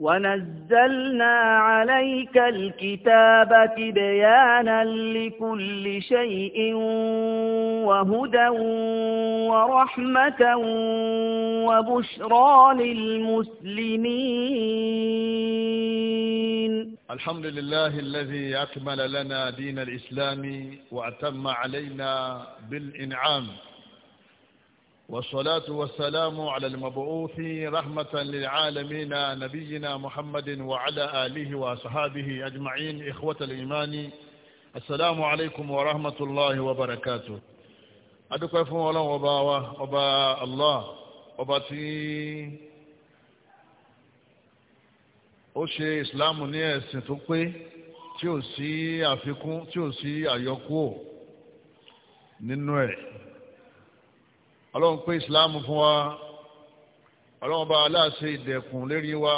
ونزلنا عليك الكتاب بيانا لكل شيء وهدى ورحمة وبشرى للمسلمين الحمد لله الذي أكمل لنا دين الإسلام وأتم علينا بالإنعام والصلاة والسلام على المبعوث رحمة للعالمين نبينا محمد وعلى آله وصحابه أجمعين إخوة الإيمان السلام عليكم ورحمة الله وبركاته adúpẹ́ fún ọlọ́run ọba wa ọba allah ọba tí ó ṣe ìsìláàmù ní ẹ̀sìn tó pé tí ò sí àfikún tí ò sí àyọkúò nínú ẹ̀ ọlọ́run pé ìsìláàmù fún wa ọlọ́run bá aláàṣẹ ìdẹ̀kùn lérí wa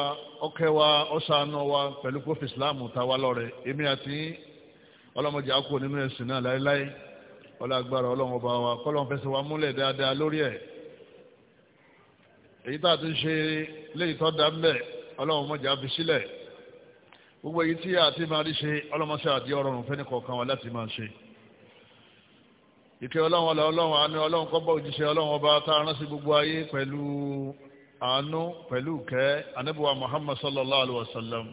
ọkẹ́ wa ọ̀sánú wa pẹ̀lú kófì ìsìláàmù ta wa lọ́rẹ̀ èmi àti ọlọ́mọdé àkó nínú ẹ̀sìn náà láéláé ọlọ́gbàrá ọlọ́run ọba wa kọ́lọ́run fẹsẹ̀ wa múlẹ̀ dáadáa lórí ẹ̀ èyí tá a ti ṣe léyìí tó dá mbẹ́ ọlọ́run mọ̀jà fi sílẹ̀ gbogbo èyí tí a ti máa rí ṣe ọlọ́mọṣẹ́ àdí ọ̀rọ̀ fẹ́ni kọ̀ọ̀kan wa láti máa ṣe ìkẹ́ ọlọ́run ọlọ́ ọlọ́run àánú ọlọ́run kó bá òjíṣẹ́ ọlọ́run ọba tá a rán sí gbogbo ayé pẹ̀lú àánú pẹ̀lú kẹ́ anábíwá muhammad sallallahu alaihi wasallam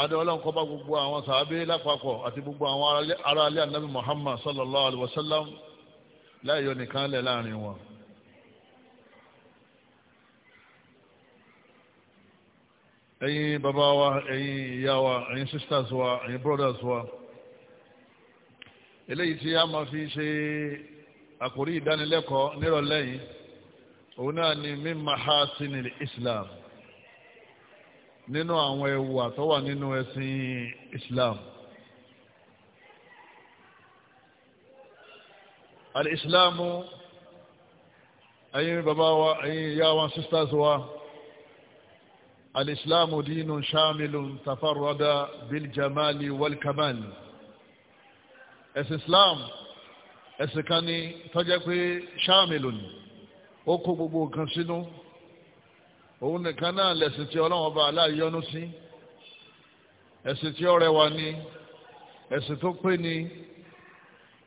àádọ́ ọlọ́run kó bá gbogbo àwọn sàábé lápapọ̀ àti gbogbo àwọn ará alẹ́ anábí muhammad sallallahu alaihi wasallam láìyọ nìkan lẹ̀ láàrin wọn. ẹ̀yin bàbá wa ẹ̀yin ìyá wa ẹ̀yin sisters wa ẹ̀yin brothers wa eléyìí tí a máa fi ṣe àkórí ìdánilẹ́kọ̀ọ́ nírọ̀lẹ́ yìí òun náà ni min mahasinil islam nínú àwọn ẹwà tó wà nínú ẹ̀sìn islam alìsílámù ẹ̀yin bàbá wa ẹ̀yin ìyá wa sisters wa alìsílámù dínú ṣáàmìlù tafarrada biljamali walkamali ẹ̀sìn Islam ẹ̀sìn kan ni tọ́jẹ́ pé ṣáàmìlò ni ó kó gbogbo nǹkan sínú òun nìkan náà lẹ̀sìn tí ọlọ́run ọba aláàyọ́nú sí ẹ̀sìn tí ó rẹwà ni ẹ̀sìn tó pé ni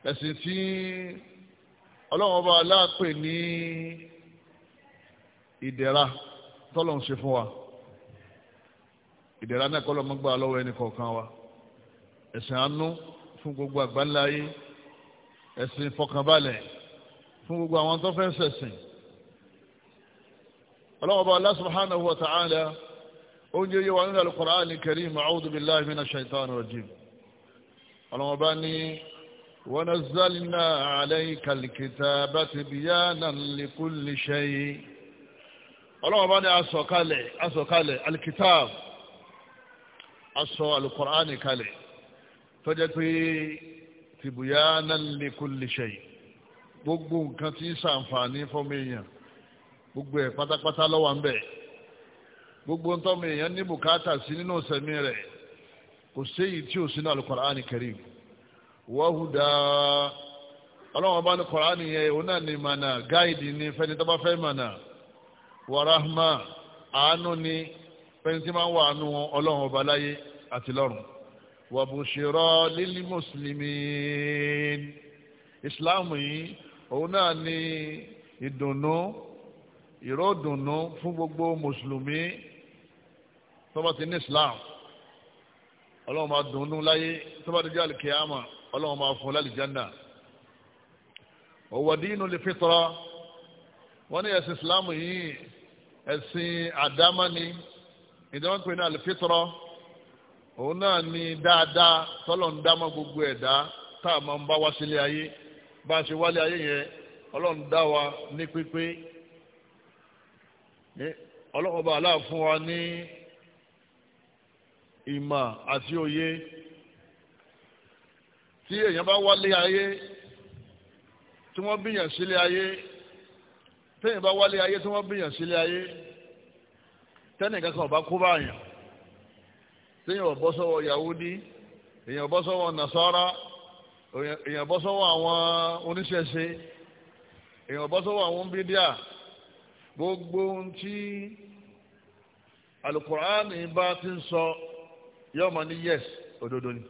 ẹ̀sìn tí ọlọ́run ọba aláàpè ní ìdẹ̀ra tọ́lọ̀ ṣe fún wa ìdẹ̀ra náà kọ́ lọ́mọ́gbà lọ́wọ́ ẹnì kọ̀ọ̀kan wa ẹ̀sìn àánú fún gbogbo àgbáńlá ayé ẹ̀sìn ìfọkànbalẹ̀ fún gbogbo àwọn tó fẹ́ ń ṣẹ̀sìn ọlọ́wọ́ba Allah subhanahu wa ta'ala oúnjẹ yíwa nínú al-Qur'an al-Karim a'udhu billahi minash shaitani rajim ọlọ́wọ́ba ní wa nazzalna alayka al-kitaba tibyanan likulli shay ọlọ́wọ́ba ní asọ̀kalẹ̀ asọ̀kalẹ̀ al asọ̀ al-Qur'an kalẹ̀ tọ́jẹ́ pé tibyanan li kulli shay gbogbo nǹkan tí ń ṣàǹfààní fọ́mọ èèyàn gbogbo ẹ̀ pátápátá lọ́wọ́ ń bẹ̀ gbogbo ń tọ́mọ èèyàn ní bùkátà sí nínú ìsẹ̀mí rẹ̀ kò séyìí tí ò sínú al-Qur'ani Karim wa ọlọ́wọ́n bá ní Kùránì yẹn òun náà ní mànà gáìdì ní fẹ́ni tó fẹ́ mànà wa àánú ní fẹ́ni tí máa ń wà ánú ọlọ́wọ́n ọba láyé àti lọ́run wàbùṣirọ́ lílí mùsùlùmí islam yìí òun náà ni ìdùnnú ìró dùnnú fún gbogbo mùsùlùmí tó bá ti ní islam ọlọ́run máa dùnnú láyé tó bá ti jẹ́ àlùkìyàmà ọlọ́run máa fún lálìjánà òwò dínú lè fi wọ́n ní ẹ̀sìn islam yìí ẹ̀sìn àdámá ni ìdánwò ní àlùfitọ́rọ́ òun náà ni dáadáa tọ́lọ̀ ń dámọ́ gbogbo ẹ̀dá tá a máa ń bá wá sílé ayé bá a ṣe wálé ayé yẹn ọlọ́run dá wa ní pípé ọlọ́run ọba aláà fún wa ní ìmọ̀ àti òye tí èèyàn bá wálé ayé tí wọ́n bíyàn sílé ayé téèyàn bá wálé ayé tí wọ́n bíyàn sílé ayé tẹ́nìkan kan ò bá kó téèyàn bọ́ sọ́wọ́ Yahudi èèyàn bọ́ sọ́wọ́ Nasara èèyàn bọ́ sọ́wọ́ àwọn oníṣẹ̀ṣe èèyàn bọ́ sọ́wọ́ àwọn bídíà gbogbo ohun tí bá ti ń sọ yóò máa ní yes òdodo ni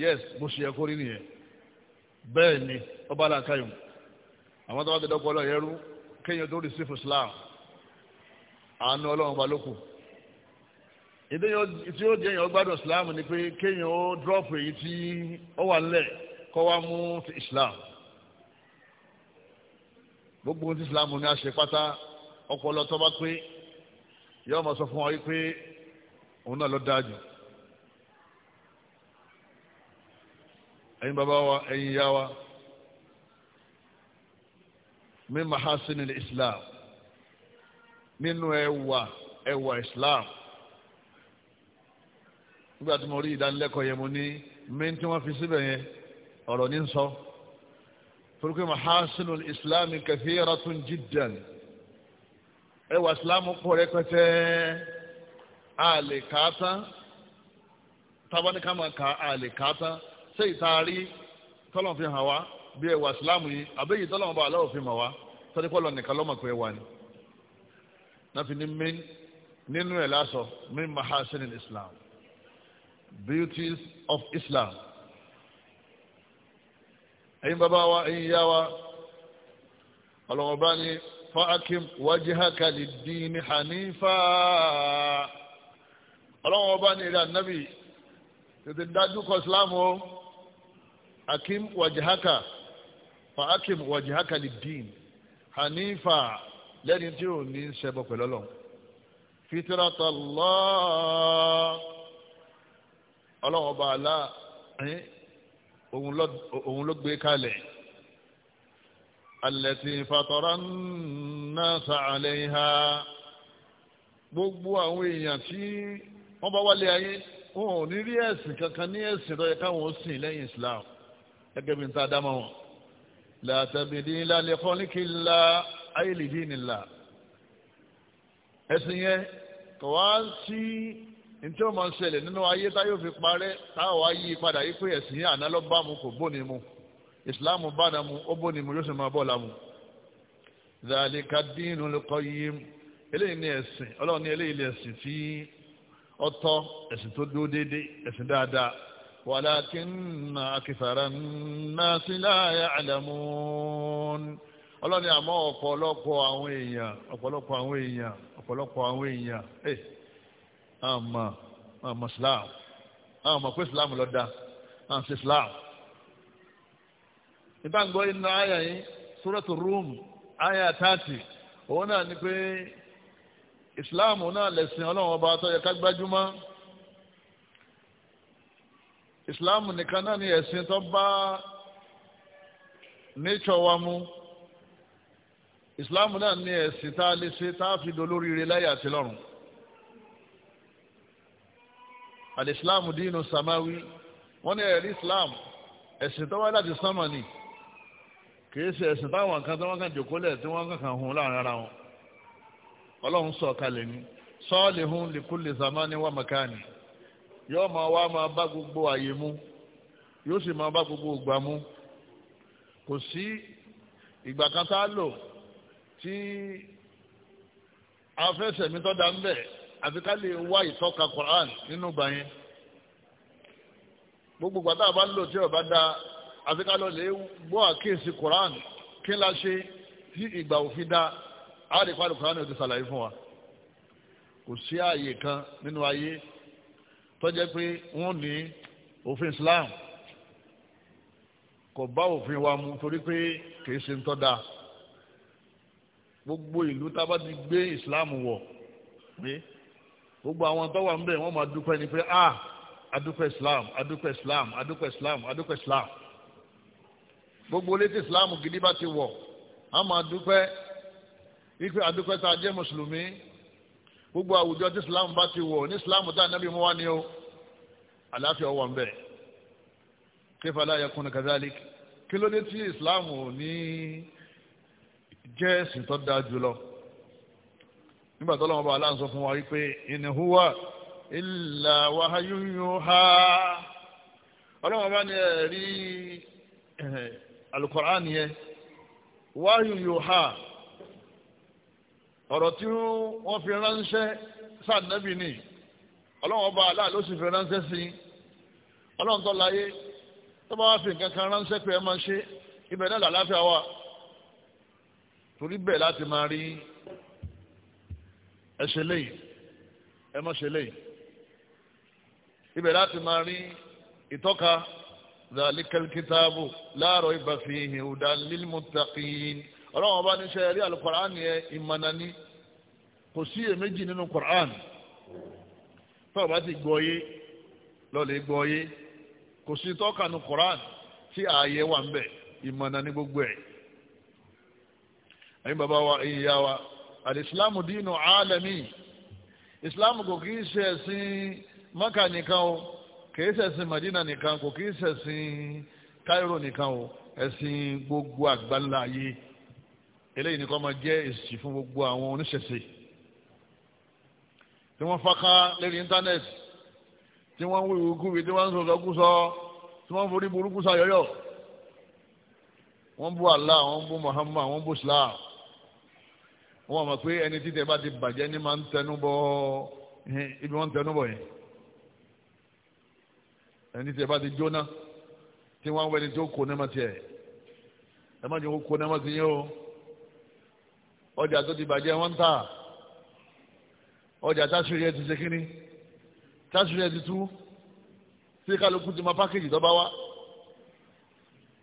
yes bó ṣe yẹ kó rí nìyẹn bẹ́ẹ̀ ni ọba làákàyọ̀ àwọn tó bá ti dọ́pọ̀ yẹrú ìdí tí ó jẹ́ èèyàn gbádùn islam ni pé kéèyàn ó dúrọ́ọ̀pù èyí tí ó wà nílẹ̀ kọ́ wá mú ti islam gbogbo ohun tí islam ní a ṣe pátá ọpọlọ tó bá pé yóò máa sọ fún ọ pé òun náà ló dáa jù ẹ̀yin bàbá wa ẹ̀yin ìyá wa min mahasinil islam nínú ẹwà ẹwà islam nígbà tí mo rí ìdánilẹ́kọ̀ọ́ yẹn mo ní mẹ́ni tí wọ́n fi síbẹ̀ yẹn ọ̀rọ̀ ní sọ torókè mahasinu islam kathiratun jiddan ẹwà islam pọ̀ rẹpẹtẹ a lè kà á tán tabaníkà máa kà á lè kà á tán ṣé ìtaari tọ́lọ̀ fi hàn wá bí ẹwà islam yìí àbẹ́yìí tọ́lọ̀ bá aláwọ̀ fi hàn wá tọ́lẹ́kọ́ lọ nìkan lọ́mọ̀ pé wà ní náà fi ní mẹ́ni nínú ẹ̀ lásọ min mahasinil islam beauties of Islam ẹ̀yin bàbá wa ẹ̀yin yá wa ọlọ́wọ́bá ni fa'akim wajhaka lid-din hanifa ọlọ́wọ́bá ni ìrìn ànábì tètè dájú kọ Islam o akim wajhaka fa'akim wajhaka lid-din hanifa lẹ́ni tí ò ní ṣẹbọ pẹ̀lú Ọlọ́run ọlọ́run ọba àlá òun ló gbé kalẹ̀ allati fatara nnasa alayha gbogbo àwọn èèyàn tí wọ́n bá wálé ayé wọn ò ní rí ẹ̀sìn kankan ní ẹ̀sìn tó yẹ káwọn ó sìn lẹ́yìn Islam gẹ́gẹ́ bí n ta dámọ̀ wọn la tabdila li khalqillah ay li ẹ̀sìn yẹn kò wá sí. ntí ó máa ń ṣẹlẹ̀ nínú ayé táyọ̀ fi parẹ́ táwọn ayé padà yí pé ẹ̀sìn àná ló bá mu kò bóni mu ìsìláàmù bá na mu ó bóni mu yóò sì máa bọ̀ mu. eléyìí ni ẹ̀sìn ọlọ́run ní eléyìí ni ẹ̀sìn tí ọtọ́ ẹ̀sìn tó dúró déédéé ẹ̀sìn dáadáa walakinna akthara nnasi la ya'lamun ọlọ́run ní àmọ́ ọ̀pọ̀lọpọ̀ àwọn èèyàn ọ̀pọ̀lọpọ̀ àwọn èèyàn ọ̀pọ̀lọpọ̀ àwọn èèyàn eh, àmà àmà islam àmà pé islam ló dá àmà sí islam. ìbáǹgọ́ iná àyà yìí sórẹ́tù rúm àyà tààtì òun náà ni pé islam náà lẹ̀sìn ọlọ́run ọba tó yẹ ká gbájúmọ́ islam nìkan náà ni ẹ̀sìn tó bá nature wa mu islam náà ni ẹ̀sìn tá a lè ṣe tá a fi dolóríire láyé àti lọ́run. alìsílámù dínú samawi wọ́n ní ẹ̀rí islam ẹ̀sìn tó wá láti sánmà ni kìí ṣe ẹ̀sìn táwọn nǹkan tó wọ́n kàn jòkólẹ̀ tí wọ́n kàn hun láàrin ara wọn ọlọ́run sọ kalẹ̀ ni sọ́ọ̀lì hun lìkúlì zamani wà màkàní yóò máa wá máa bá gbogbo àyè mu yóò sì máa bá gbogbo ògbà mu kò sí ìgbà kan tá a lò tí afẹ́sẹ̀mítọ́ dá ń bẹ̀ẹ́ àfi ká lè wá ìtọ́ka Quran nínú ìgbà yẹn gbogbo gbàtà bá ń lò tí ọba da àfi ká lọ lè gbọ́ àkíyèsí Quran kí la ṣe tí ìgbà òfin da àádìí parí Quran ò ti ṣàlàyé fún wa kò sí ààyè kan nínú ayé tọ́jẹ́ pé wọ́n ní òfin Islam kò bá òfin wa mu torí pé kì í ṣe ń tọ́ da gbogbo ìlú tá a bá ti gbé Islam wọ̀ pé gbogbo àwọn tó wà ń bẹ̀ wọ́n máa dúpẹ́ ni pé ah adúpẹ́ islam adúpẹ́ islam adúpẹ́ islam adúpẹ́ islam gbogbo létí islam gidi bá ti wọ̀ á máa dúpẹ́ wípé adúpẹ́ tá a jẹ́ mùsùlùmí gbogbo àwùjọ tí islam bá ti wọ̀ ní islam tá ànábì mú wá ni o àlàáfíà wà ń bẹ̀ kéfà láyà kún ní kazalik kí ló dé tí islam ò ní jẹ́ ẹ̀sìn tó dáa jùlọ nígbà tó lọ́wọ́ bá aláǹ sọ fún wa wípé in huwa illa wahyun yuha ọlọ́wọ́ bá ní ẹ̀rí eh, al-Qur'an yẹn wahyun yuha ọ̀rọ̀ tí wọ́n fi ránṣẹ́ sáàdínẹ́bì ni ọlọ́wọ́n bá aláà ló sì fi ránṣẹ́ sí ọlọ́run tó láyé tó bá wá fi nǹkan kan ránṣẹ́ pé ẹ máa ṣe ibẹ̀ náà làlàáfíà wà torí bẹ́ẹ̀ láti máa rí ẹ ṣe léyìí ẹ má ṣe léyìí ibẹ̀ láti máa rí ìtọ́ka zalikal kitabu láàrọ̀ ìbá fi hìn hudan lil muttaqin ọlọ́wọ́n bá níṣẹ́ rí alukur'an yẹ ìmọ̀nani kò sí èméjì nínú kur'an tó bá ti gbọ́ yé lọ́lẹ̀ gbọ́ yé kò sí tọ́ka nínú kur'an tí ààyè wà ń bẹ̀ ìmọ̀nani gbogbo ẹ̀ ẹ̀yin bàbá wa ìyá wa alìsílámù dínú àálẹ́mì ìsìlámù kò kìí ṣe ẹ̀sìn mọ́kà nìkan o kìí ṣẹ̀sìn madina nìkan kò kìí ṣẹ̀sìn cairo nìkan o ẹ̀sìn gbogbo àgbáńlá ayé eléyìí nìkan máa jẹ́ èsì fún gbogbo àwọn oníṣẹ̀ṣe tí wọ́n faka lérí íńtánẹ́ẹ̀tì tí wọ́n ń wí ìwúkúwì tí wọ́n ń sọ̀rọ̀ tí wọ́n ń forí burúkú sayọ̀yọ̀ wọ́n bú Allah wọ́n bú Muhammad wọ́n bú Islam wọ́n mọ̀ pé ẹni títẹ̀ bá ti bàjẹ́ ní máa ń tẹnu bọ ibi wọ́n ń tẹnu bọ̀ yẹn ẹni títẹ̀ bá ti jóná tí wọ́n wẹ́ni tó kó nẹ́mọ̀ tiẹ̀ ẹ má jẹ́ kó kó nẹ́mọ̀ sí yín o ọjà tó ti bàjẹ́ wọ́n ń tà ọjà táṣírí ẹ ti ṣe kínní táṣírí ẹ ti tú tí kálukú ti ma pákéjì tó bá wá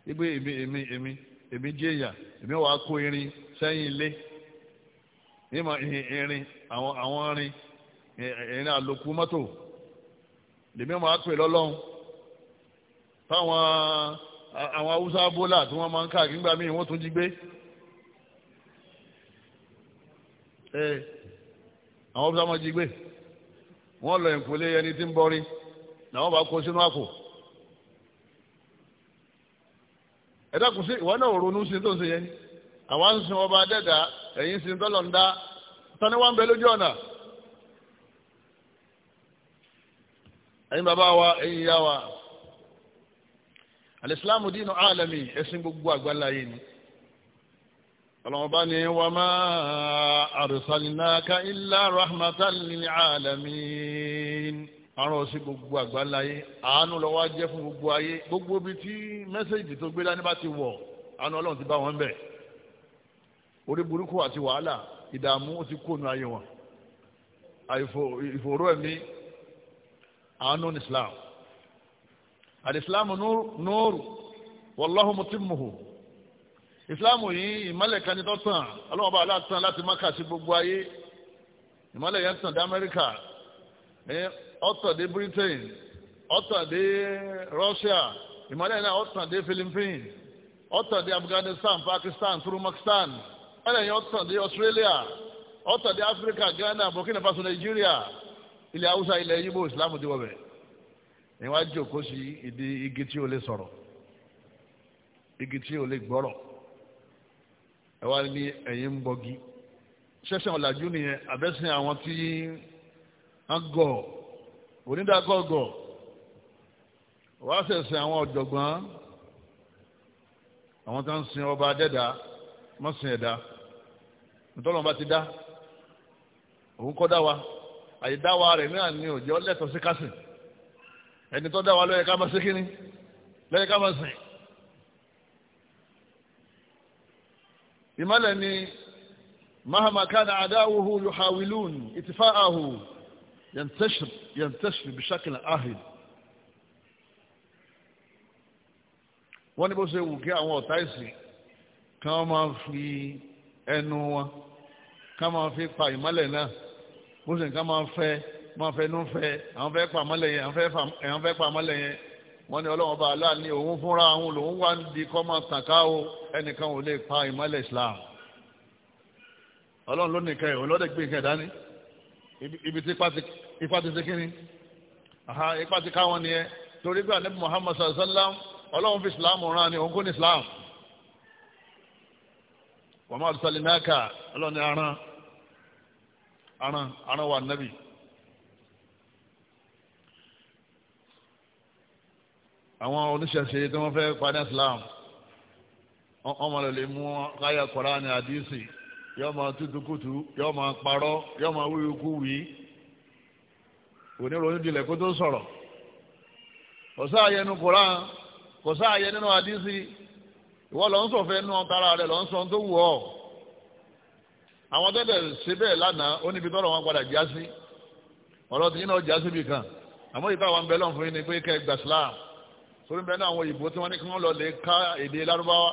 igbe èmi èmi èmi èmi jẹ́ èèyàn èmi wàá kó irin sẹ́yìn ilé ní ma irin àwọn àwọn irin irin àlòkù mọ́tò lèmi máa pè lọ́lọ́run táwọn àwọn haúsá bólà tí wọ́n máa ń káàkiri gbà míì wọ́n tún jí gbé àwọn haúsá máa jí gbé wọ́n lọ ìkúlé ẹni tí ń bọ́rí làwọn bá kó sínú àpò ẹ̀dá kù sí ìwọ náà ronú sí tó ń ṣe yẹn ni àwọn ń sin ọba dẹ́dà ẹ̀yìn sin tọ́lọ̀ ń dá tani wọ́n ń bẹ lójú ọ̀nà ẹ̀yin bàbá wa ẹ̀yin ìyá wa alìsílámù dínú àlàmì ẹ̀sìn gbogbo àgbáláyé ni ọlọ́mọba ni wà máa arsalnaka illa rahmatan lil alamin àrùn òsì gbogbo àgbáláyé àánú lọ́wọ́ jẹ́ fún gbogbo ayé gbogbo ibi tí mẹ́sẹ̀jì tó gbé dání bá ti wọ̀ àánú ọlọ́run ti bá wọn bẹ̀ orí burúkú àti wàhálà ìdààmú ó ti kóònù ayé wọn ìfòòró ẹ̀mí àánú ní islam àdìsílámù nóòrù wọlọ́hùn mutimmuhu ìsìláàmù yìí ìmọ̀lẹ̀ kan ní tó tàn ọlọ́wọ́n bá aláàtàn láti Mákà sí gbogbo ayé ìmọ̀lẹ̀ yẹn tàn dé Amẹ́ríkà ọ̀tàn dé Britain ọ̀tàn dé Russia ìmọ̀lẹ̀ náà ọ̀tàn dé Philippines ọ̀tàn dé Afghanistan Pakistan Turkmenistan ẹnlẹ yẹn ọtàn dé Australia ọtàn dé Africa Ghana Burkina Faso Nigeria ilẹ̀ Hausa ilẹ̀ yibo Islam ti wọ̀ ni wọ́n á jòkó sí ìdí igi tí o lè sọ̀rọ̀ igi tí o lè gbọ́rọ̀ ẹ wá ní ẹ̀yìn ń bọ́gi ṣẹ́ṣẹ́ ọ̀làjú nìyẹn àbẹ́sìn àwọn tí wọ́n gọ̀ onídàákọ̀ gọ̀ wọ́n àwọn ọ̀jọ̀gbọ́n àwọn tó ń sin ọba adẹ́dá mọ́sìn ẹ̀dá ntọ́lọ́n bá ti dá òun kọ́ dá wa àyè dá wa rẹ̀ náà ni òjò ọlẹ́tọ̀ sí kásìn ẹni tó dá wa lọ́yẹ ká máa sí kínní lọ́yẹ ká máa sìn. ìmọ̀lẹ̀ ni mahama kana adáwòhu yuhawilun itifa'ahu yantashir yantashir bishakil ahid. wọ́n ní bó ṣe wù kí àwọn ọ̀tá ìsìn kí máa fi ẹnu wọn ká máa fi pa ìmọ́lẹ̀ náà bó sì ká máa fẹ́ máa fẹ́ nú fẹ́ àwọn fẹ́ pa mọ́lẹ̀ yẹn àwọn fẹ́ pa mọ́lẹ̀ yẹn wọ́n ní ọlọ́run bá aláà ní òun fúnra òun lòun wá ń di kọ́ máa tàn ká o ẹnìkan ò lè pa ìmọ́lẹ̀ Islam ọlọ́run ló nìkan ẹ̀ ọlọ́dẹ̀ gbé nǹkan dání ibi tí ipa ti ṣe kí ni ipa ti káwọn ni ẹ torí pé ànábì Muhammad sallam ọlọ́run fi Islam rán ni òun kò ní Islam wọ́n máa sọ lè náà kà ọlọ́run ní aràn aran aran wa nabi àwọn oníṣẹ̀ṣe tí wọ́n fẹ́ padà islam wọ́n máa lè mú káyà kọ́ránì àdìsí yóò máa tútù kùtù yóò máa parọ́ yóò máa wíwí kú wí oníròyìn dilẹ̀ kó tó sọ̀rọ̀ kò sáàyè nu kọ́rán kò sáàyè nínú àdìsí ìwọ lọ́n sọ̀fẹ́ nù ọ̀tara rẹ̀ lọ́n sọ tó wù ọ́ àwọn tó dẹ̀ ṣe bẹ́ẹ̀ lánàá ó níbi tọ́rọ̀ wọn padà já sí ọ̀rọ̀ tí yín náà já síbi kan àmọ́ ìta àwọn bẹ́ẹ̀ lọ́n yín ni pé kẹ́ ẹ gbà Islam sórí bẹ́ẹ̀ náà àwọn òyìnbó tí wọ́n ní kí wọ́n lọ lè ká èdè lárúbáwá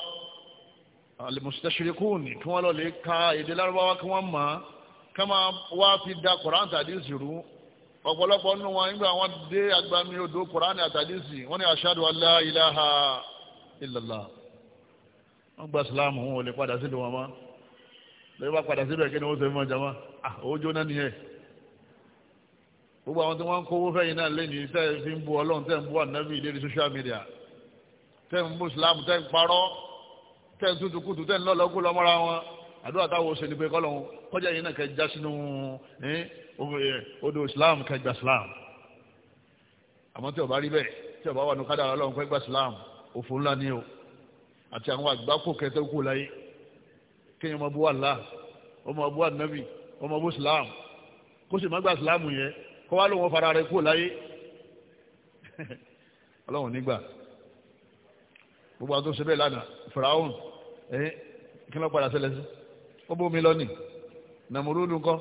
alimusitashirikun ni kí wọ́n lọ lè ká èdè lárúbáwá kí wọ́n mọ̀ ọ́n ká wá fi da koran tàdísì rú ọ̀pọ̀lọpọ̀ nínú wọn nígbà lẹ́yìn bá padà sí rẹ̀ kí ni wọ́n ṣe fún ọjà wọn ah, owó jóná nìyẹn gbogbo àwọn tí wọ́n ń kówó fẹ́yìn náà lẹ́yìn iṣẹ́ fi ń bu ọlọ́run tẹ́ ń bu ànábì lérí social media tẹ́ ń bu islam tẹ́ ń parọ́ tẹ́ ń tutù kutù tẹ́ ń lọ́lọ́kú lọ́mọ́ra wọn àdúrà táwọn oṣù ni pé kọ́lọ́hún kọjá yìí náà kẹ́ já sínú odò islam kẹ́ gba islam àmọ́ tí ó bá rí bẹ́ẹ̀ tí ó wà nù kádàrá ọlọ́run kẹ́ gba islam òfò ńlá ni o àti àwọn àgbákò kẹ́tẹ́ láyé kéèyàn ọmọ abúwá Allah ọmọ abúwá nabi ọmọ abú islam kó sì má gba islam yẹn kó wá lóun fara rẹ kúrò láyé ọlọ́run nígbà gbogbo àtúnṣe bẹ́ẹ̀ lánàá fìràhùn ẹ̀yìn kí ló padà ṣẹlẹ̀ sí ó bómi lọ́nì nàmúrúdù kọ́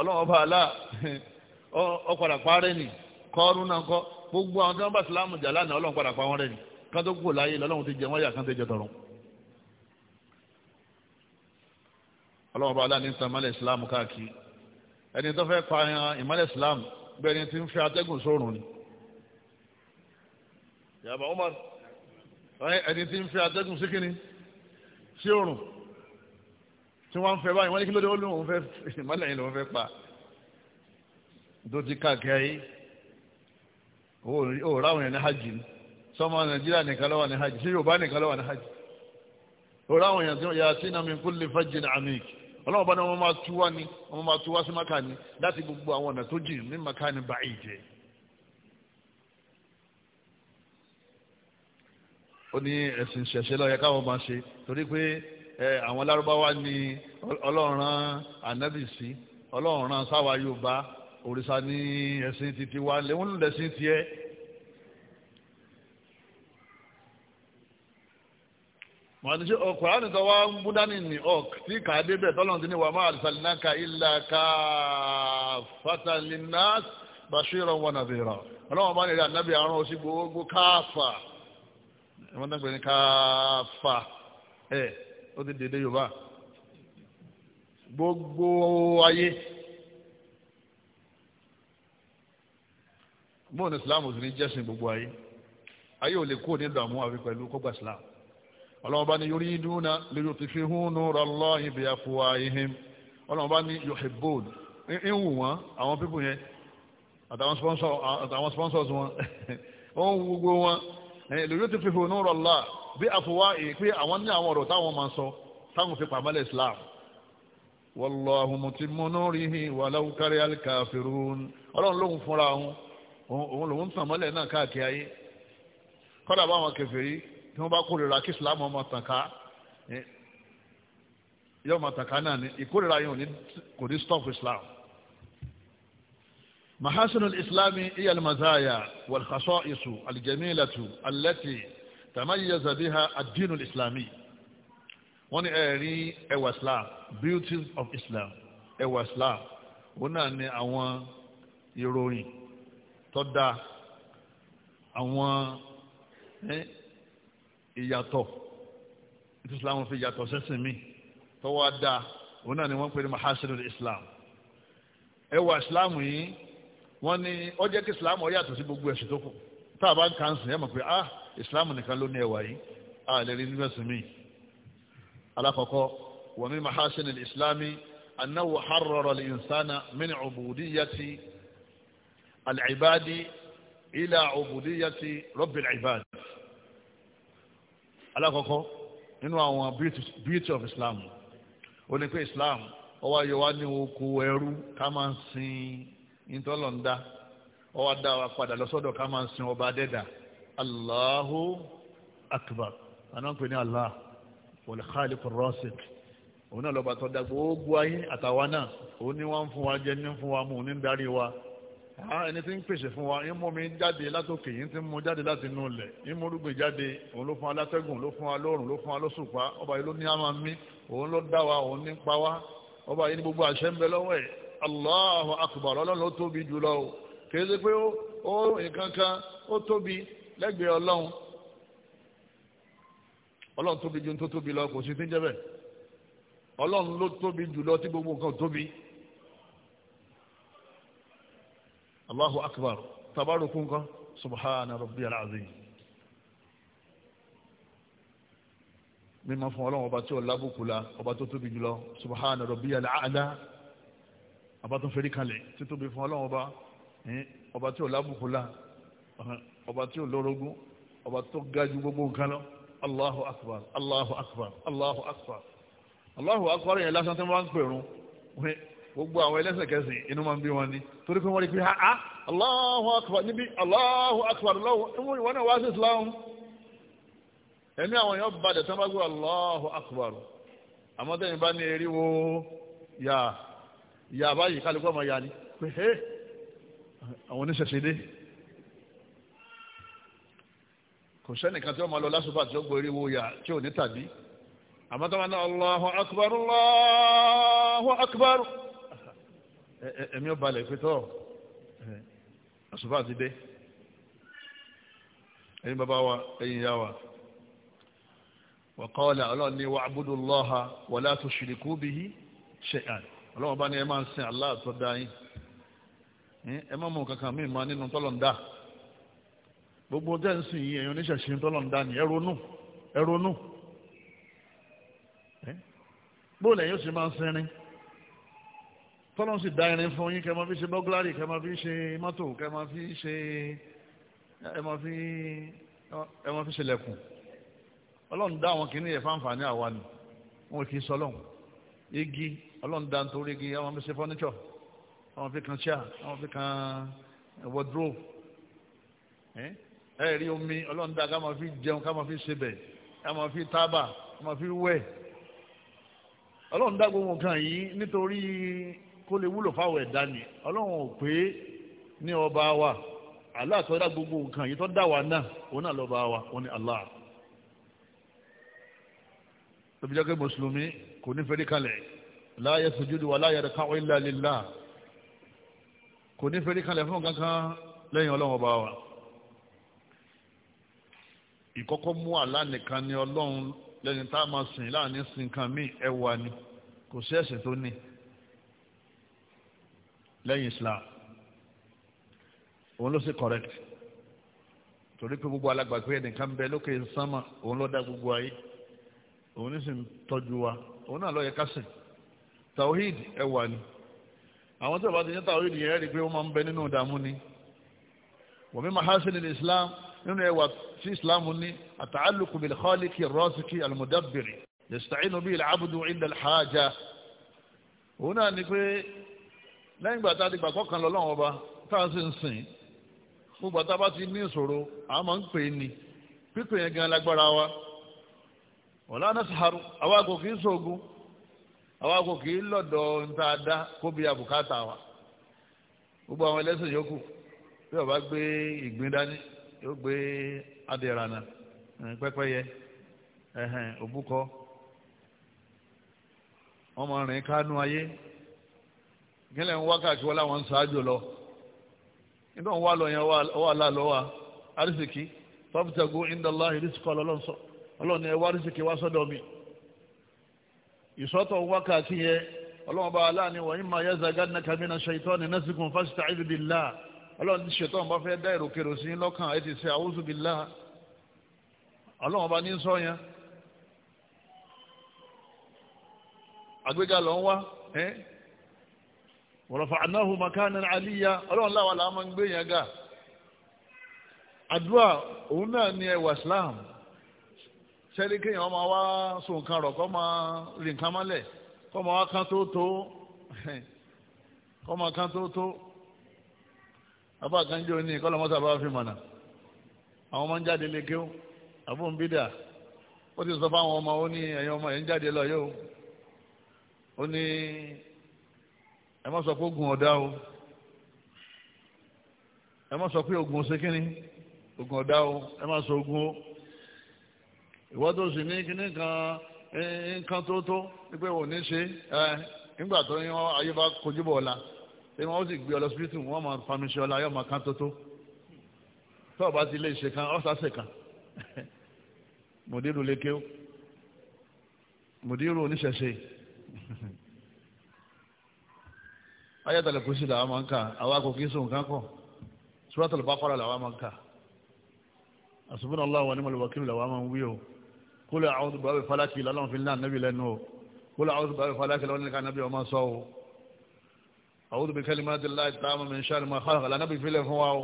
ọlọ́run ọba àlá ọ padà parẹ́ nì kọ́ọ́rù náà kọ́ gbogbo àwọn tí wọ́n bá sílámù jà lánàá ọlọ́run padà pa wọ́n rẹ̀ nì kán tó kúrò láyé lọ́lọ́run ti jẹ wọ́n yà kán tó jẹ tọ̀run. ọlọ́run ọba aláàánú ìtàn ìmọ̀lẹ̀ ìsìlámù káàkiri ẹni tó fẹ́ pa ìmọ̀lẹ̀ ìsìlámù bẹ́ẹ̀ ni ti ń fẹ́ atẹ́gùn sóòrùn ni yàbá Umar ẹni tí ń fẹ́ atẹ́gùn sí kíni sí òrùn tí wọ́n ń fẹ́ báyìí wọ́n ní kí ló dé olú òun fẹ́ ìmọ́lẹ̀ yìí lòun fẹ́ pa tó ti káàkiri ayé ó ráwọn yẹn ní hajj sọmọ Nàìjíríà nìkan lọ́wọ́ ní hajj sí Yorùbá nìkan lọ́wọ́ ní hajj ó ráwọn yẹn tí wọ́n yà sí nàmí kulli ọlọ́run bá ní wọ́n máa tú wá ní wọ́n máa tú wá sí maka ní láti gbogbo àwọn ọ̀nà tó jìn ní maka ní báyìí jẹ. ó ní ẹ̀sìn ṣẹ̀ṣẹ̀ ló yẹ káwọn máa ṣe torí pé àwọn lárúbáwá ni ọlọ́run rán sí ọlọ́run rán sáwa Yorùbá òrìṣà ní ẹ̀sìn titi wa lẹ́wọ́n lẹ́sìn tiẹ̀. wọ́n ti ṣe ọkùnrin oh, tó wá ń bú dání ní ọk oh, tí kàdé bẹ̀ tọ́lọ́n ti ní wàmọ́ àdìsàlìnáka ilà ká fàtàlìná bàṣírọ̀ wọn nàbìrà ọlọ́wọ́n bá nílẹ̀ ànábì àrùn òsì gbogbo káfà ẹ̀wọ́n dàgbẹ̀ ní káfà ẹ̀ ó ti dèdè yorùbá gbogbo ayé bóun islam ò sì ní jẹ́sìn gbogbo ayé ayé ò lè kó ní ìdààmú àfi pẹ̀lú kọ́gbà islam ọlọ́wọ́n bá ní yuriduna li yutfihu nurallahi bi afwahihim ọlọ́wọ́n bá ní yuhibbun ń wù wọ́n àwọn pípù yẹn àtàwọn sponsors wọn ó ń wù gbogbo wọn li yutfihu nurallahi bi afwahihim pé àwọn ní àwọn ọ̀rọ̀ táwọn máa sọ táwọn fi pàmẹ́lẹ̀ Islam wallahu mutimmu nurihi walau kari al-kafirun ọlọ́run lóhun fúnra òun òun lòun tàn mọ́lẹ̀ náà káàkiri ayé kọ́dà báwọn kèfèrí tí wọ́n bá kórìíra kí islam ọmọ tàn ká yóò máa tàn ká náà ni ìkórìíra yìí kò ní stop islam. محاسن الإسلام هي المزايا والخصائص الجميلة التي تميز بها الدين الإسلامي wọ́n ní ẹ̀rí ẹwà islam beauties of islam ẹwà islam òun náà ni àwọn ìròyìn tó dáa àwọn ìyàtọ̀ tí islam fi yàtọ̀ sẹ́sìn mi tó wá dá òun náà ni wọ́n pè ní mahasinul islam ẹwà islam yìí wọ́n ní ó jẹ́ kí islam ó yàtọ̀ sí gbogbo ẹ̀sìn tó kù tá a bá ń kàn sìn ẹ̀ mọ̀ pé ah islam nìkan ló ní ẹwà yìí a lè rí nínú ẹ̀sìn mi alákọ̀ọ́kọ́ wa min mahasinul islam annahu harrara al-insana min ubudiyyati al-ibadi ila ubudiyyati rabbil ibad alákọ̀ọ́kọ́ nínú àwọn beauty of Islam ó ní pé Islam ọwọ́ ayọ̀ wa ní oko ẹrú ká máa ń sin ìtọ́lọ̀ǹda ọwọ́ dá wa padà lọ́sọ́dọ̀ ká máa ń sin ọba adẹ́dà Allahu Akbar àná ń pè ní Allah wal khaliq ar-rasik òun náà lọ́ba tó dá gbogbo ayé àtàwa náà òun ni wọ́n ń fún wa jẹ ní fún wa mú ní darí wa Ah, ẹni tí ń pèsè fún wa ń mú mi jáde látòkè yìí ti ń mú jáde láti inú ilẹ̀ ń jáde òun ló fún alátẹ́gùn ló fún ló fún ọba yìí ló ní àmà mí òun ló dá wa òun ní gbogbo àṣẹ ń bẹ lọ́wọ́ ẹ̀ Allahu akbar ọlọ́run ló tóbi o kì í ṣe pé ó nǹkan kan ó tóbi lẹ́gbẹ̀ẹ́ ọlọ́run ọlọ́run tóbi ju gbogbo nǹkan tóbi Allahu akbar tabarukun kan subhana rabbi alazim mímọ́ fún ọlọ́run ọba tí ó lábùkúla ọba tó tóbi jùlọ subhana rabbi alaala ọba tó fẹ́rí kalẹ̀ tí tóbi fún ọlọ́run ọba ọba tí ó lábùkúla ọba tí ó lórogún ọba tó ga ju gbogbo nǹkan lọ Allahu akbar Allahu akbar Allahu akbar Allahu akbar yẹn lásán tí wọ́n ń pèrún gbogbo àwọn ẹlẹ́sẹ̀kẹsìn inú máa ń bí wọn ní torí pé wọ́n rí pé ha á Allahu akbar níbi Allahu akbar lọ́wọ́ ìwọ́n náà wá sí Islam ẹ̀mí àwọn èèyàn balẹ̀ tí wọ́n bá gbé Allahu akbar àmọ́ tẹ́yìn bá ní eriwo yà yà báyìí kálukú ọmọ yà ni pé hé àwọn oníṣẹ̀ṣẹ̀ dé kò sẹ́nìkan tí wọ́n máa lọ lásùpà tí ó gbé eriwo yà tí ò ní tàbí àmọ́ tẹ́wọ́n náà Allahu akbar Allahu akbar ẹ̀mí ọba lẹ̀ pétọ́ àṣùbà ti dé ẹ̀yin bàbá wa ẹ̀yin ìyá wa wàkọ́ọ̀lá ọlọ́run ní wa abudu lọ́ha wà látò ṣìrìkú bí i ṣe àn ọlọ́run bá ní ẹ máa ń sin Allah tó dá yín ẹ má mú kankan míì máa nínú tọ́lọ̀ gbogbo tẹ́ ń yìí ẹ̀yin oníṣẹ̀ṣe tọ́lọ̀ ni ẹ ronú bóòlù ẹ̀yin ó sì máa ń sinrin tọ́lọ́n sì dá irin fún yín kẹ́ máa fi ṣe bọ́gláàrì kẹ́ máa fi ṣe mọ́tò kẹ́ máa fi ṣe ẹ máa fi ẹ máa fi ṣe lẹ́kùn ọlọ́run dá àwọn kìíní yẹn fáǹfààní àwa ni wọn kì í sọ lọ́hùn igi ọlọ́run dá nítorí igi àwọn fi ṣe fọ́níṣọ̀ àwọn fi kan chair àwọn fi kan wardrobe ẹ rí omi ọlọ́run dá ká máa fi jẹun ká máa fi ṣe bẹ̀ ká máa fi tábà ká máa fi wẹ̀ ọlọ́run dá gbogbo nǹkan yìí nítorí kó lè wúlò fáwọn ẹ̀dá ni ọlọ́run ò pé ní ọba wa Allah tó dá gbogbo nǹkan yìí tó dá wa náà òun náà lọ́ba wa òun ni Allah tóbi jẹ́ pé mùsùlùmí kò ní fẹ́rí kalẹ̀ la yasjudu wa la yarka'u illa lillah kò ní fẹ́rí kalẹ̀ fún kankan lẹ́yìn ọlọ́run ọba wa ìkọ́kọ́ mú Allah nìkan ni ọlọ́run lẹ́yìn tá a máa sìn láàrin sìn kan míì ẹwà ni kò sí ẹ̀sìn tó ní lẹ́yìn islam òun ló sì correct torí pé gbogbo alágbàgbé ẹnìkan bẹ lókè sánmà òun ló dá gbogbo ayé òun ní sì ń tọ́jú wa òun náà ló yẹ ká sìn tawhid ẹwà ni àwọn tó bá ti ní tawhid yẹn rí i pé wọ́n máa ń bẹ nínú ìdààmú ni wa min mahasinil islam nínú ẹwà tí islam ní ata'alluqu bil khaliqi ar-rasiki al-mudabbiri yasta'inu bihi al òun náà ni pé lẹ́yìn ìgbà tá a ti gbàgbọ́ kan ọba tá a sì ń sìn gbogbo àtàbá ti ní ìṣòro àá máa ń pè é ni pípè yẹn gan lágbára wa ọ̀la náà sàárù àwa kì í sóògùn àwa kì í lọ́dọ̀ níta dá wa gbogbo àwọn ẹlẹ́sìn yòókù bí ọba gbé ìgbín dání yóò gbé adìrànà eh, pẹ́pẹ́yẹ òbúkọ ìkínlẹ̀ ń wákàtí wọ́n láwọn ń ṣáájú lọ nígbà wọn wá lọ yẹn wà lálọ́wà arísìkí fábítàgó ìndàlá ìrísìkọ́ ọlọ́sọ ọlọ́run ni ẹ wá arísìkí wá sọ́dọ̀ mi ìsọ́tọ̀ wákàtí yẹn ọlọ́run bá aláàánú wọ̀nyí máa yẹ zagadna kamina ṣètọ́ ní násìkún fasta'id billah ọlọ́run ti ṣètọ́ bá fẹ́ dá ìròkèrò sí lọ́kàn ẹ ti ṣe a'udhu billah ọlọ́run bá ní sọ yẹn àgbéga ń wá warafa'nahu makanan aliyya ọlọ́run láwa làá máa ń gbé yẹn ga àdúrà òun náà ni ẹwà islam sẹ́rí kéèyàn máa wá so nǹkan rọ̀ kọ́ máa rìn nǹkan mọ́lẹ̀ kọ́ máa wá kán tó tó kọ́ máa kán tó tó abákanjọ́ ní kọ́lọ́mọ́sá bá fi mọ̀nà àwọn ọmọ ń jáde lè kéw àbúrò ń bídà ó ti sọ fáwọn ọmọ ó ní ẹ̀yin ọmọ ẹ̀ ń jáde lọ yóò ó ní ẹ má sọ pé ogun ọ̀dá o ẹ má sọ pé ogun ṣékínní ogun ọ̀dá o ẹ má sọ ogun o ìwọ́n tó sì ní kíní kan nǹkan tó tó pé òun ní ṣe ẹ nígbà tó yín ayé bá kojú bọ̀ ọ̀la ṣé wọ́n sì gbé ọ lọ síbítù wọ́n máa famiṣẹ́ ọ̀la yóò máa kán tó tó tó o ti lè ṣe kan ọ̀sàṣe kan mòdìrú lè kéw mòdìrú oníṣẹ̀ṣe. ayatollah kùsì làwọn máa ń kà àwọn akókò kìí sùn kankan suratul baqara làwọn máa ń kà àṣùbùnà allah wa ni'mal wakil làwọn máa ń wí o qul a'udhu bi falaki lọ́lọ́run fi ń náà nẹ́bí lẹ́nu o qul a'udhu bi falaki lọ́wọ́ nìkan nẹ́bí ọmọ sọ o a'udhu bi kalimati llahi ta'ama min sharri ma khalaq lànàbí filẹ̀ fún wa o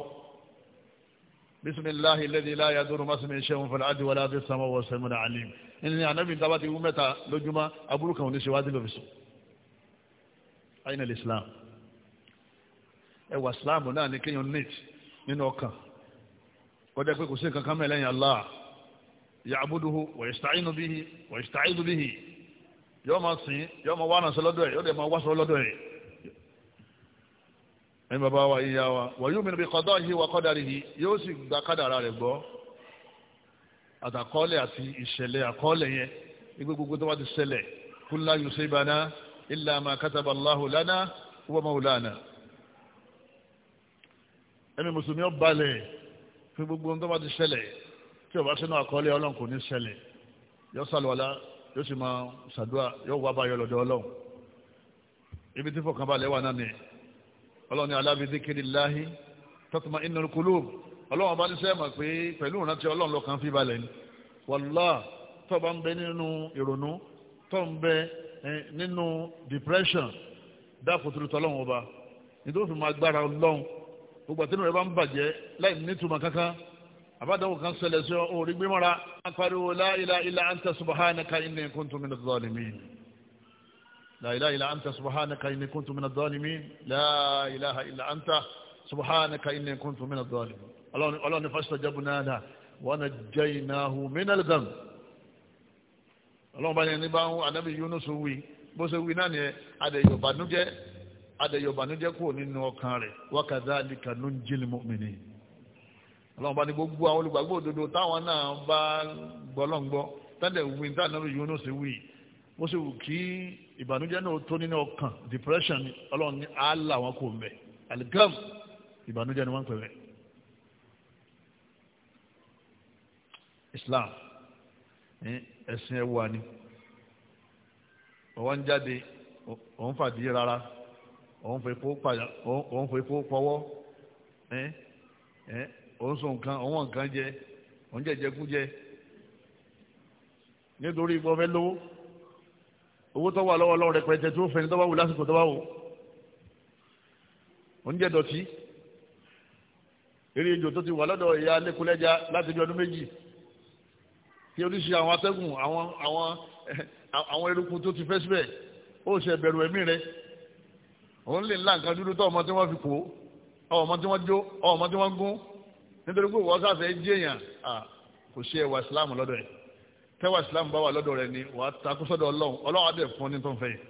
بسم الله الذي لا يدور مسم شيء في العد ولا في السماء وهو السميع العليم إن النبي تبات امتا لجما ابوك ونسواد لبس اين الإسلام ẹwà islam náà ní kéèyàn nít nínú ọkàn kọjá pé kò sí nǹkan kan mẹ́lẹ́ yẹn Allah ya'buduhu wa yasta'inu bihi wa yasta'inu bihi yóò máa sìn yóò máa wá náà sọ lọ́dọ̀ ẹ̀ yóò dẹ̀ máa wá sọ lọ́dọ̀ ẹ̀ ẹ̀yin bàbá wa ìyá wa wa yu'minu bi qada'ihi wa qadarihi yóò sì gba kádàrà rẹ̀ gbọ́ àtàkọ́lẹ̀ àti ìṣẹ̀lẹ̀ àkọ́lẹ̀ yẹn igbe gbogbo tó bá ti ṣẹlẹ̀ kullu yusibana illa ma kataba Allahu lana huwa mawlana ẹ̀mí mùsùlùmí ó balẹ̀ fún gbogbo ohun tó bá ti ṣẹlẹ̀ tí ó bá sínú àkọọ́lẹ̀ ọlọ́run kò ní ṣẹlẹ̀ yóò sàlùwàlá yóò sì máa ṣàdúrà yóò wá báyọ̀ lọ́dọ̀ ọlọ́run ibi tí fọkànbalẹ̀ wà náà ni ọlọ́run ní alábi dhikrillahi tatma'innul qulub ọlọ́run bá ní sẹ́yìn mọ̀ pé pẹ̀lú ìrántí ọlọ́run lọ́kàn fi balẹ̀ ni wàlúwà tó bá ń bẹ nínú ìrònú tó ń bẹ nínú depression dáàfo tuntun ọlọ́run ọba nítorí fi máa gbára ọlọ́run gbogbo àtinú rẹ bá ń bàjẹ́ láì nítumọ̀ kankan àbádáwò kan ṣẹlẹ̀ sí ọ òòrí gbímọ́ra á pariwo la ilaha illa anta subhanaka inni kuntu minaz zalimin la ilaha illa anta subhanaka inni kuntu minaz zalimin la ilaha illa anta subhanaka inni kuntu minaz zalimin ọlọ́ni fastajabna lahu wa najjaynahu minal gham ọlọ́run bá ní ẹni bá ń anábì Yunus wí bó ṣe wí náà ni adẹ̀yọ̀ bànújẹ́ adẹ̀yọ̀bànújẹ́ kúrò nínú ọkàn rẹ̀ wa kadhalika nunjil mu'minin ọlọ́run bá ní gbogbo àwọn olùgbàgbọ́ òdodo táwọn náà bá gbọ́lọ́ngbọ́ tẹ́lẹ̀ wí tánàlú Yunus wí mo sì wù kí ìbànújẹ́ náà tó nínú ọkàn depression ọlọ́run ní àálà wọn kò mẹ́ aligam ìbànújẹ́ ni wọ́n ń pè mẹ́ Islam ẹ̀sìn ẹ̀wà ni ọ̀wọ́n jáde òun fàdí rárá òun fò epo pọwọ́ òun sùn nǹkan òun wọ̀n nǹkan jẹ òun jẹjẹ kú jẹ nítorí ìgbọ́ fẹ́ lówó owó tó wà lọ́wọ́ lọ́wọ́ rẹpẹtẹ tó fẹ́ni tó bá wù lásìkò tó bá wù òun jẹ dọ̀tí eré ejò tó ti wà lọ́dọ̀ ìyá lẹ́kùnlẹ́já láti bí ọdún méjì tí oríṣi àwọn atẹ́gùn àwọn àwọn eh, àwọn eruku tó ti fẹ́ síbẹ̀ ó ṣe bẹ̀rù ẹ̀mí rẹ̀ òun lè la nǹkan dúdú tó ọmọ tí wọ́n fi kó ọmọ tí wọ́n jó ọmọ tí wọ́n gún nítorí pé wọ́n sáfẹ́ jẹ́yàn kò ṣe ẹwà ìsìláàmù lọ́dọ̀ rẹ̀ tẹ́wà ìsìláàmù bá wà lọ́dọ̀ rẹ̀ ni wàá takú sọ́dọ̀ ọlọ́run ọlọ́run adé fún ní tó ń fẹ́ yìí.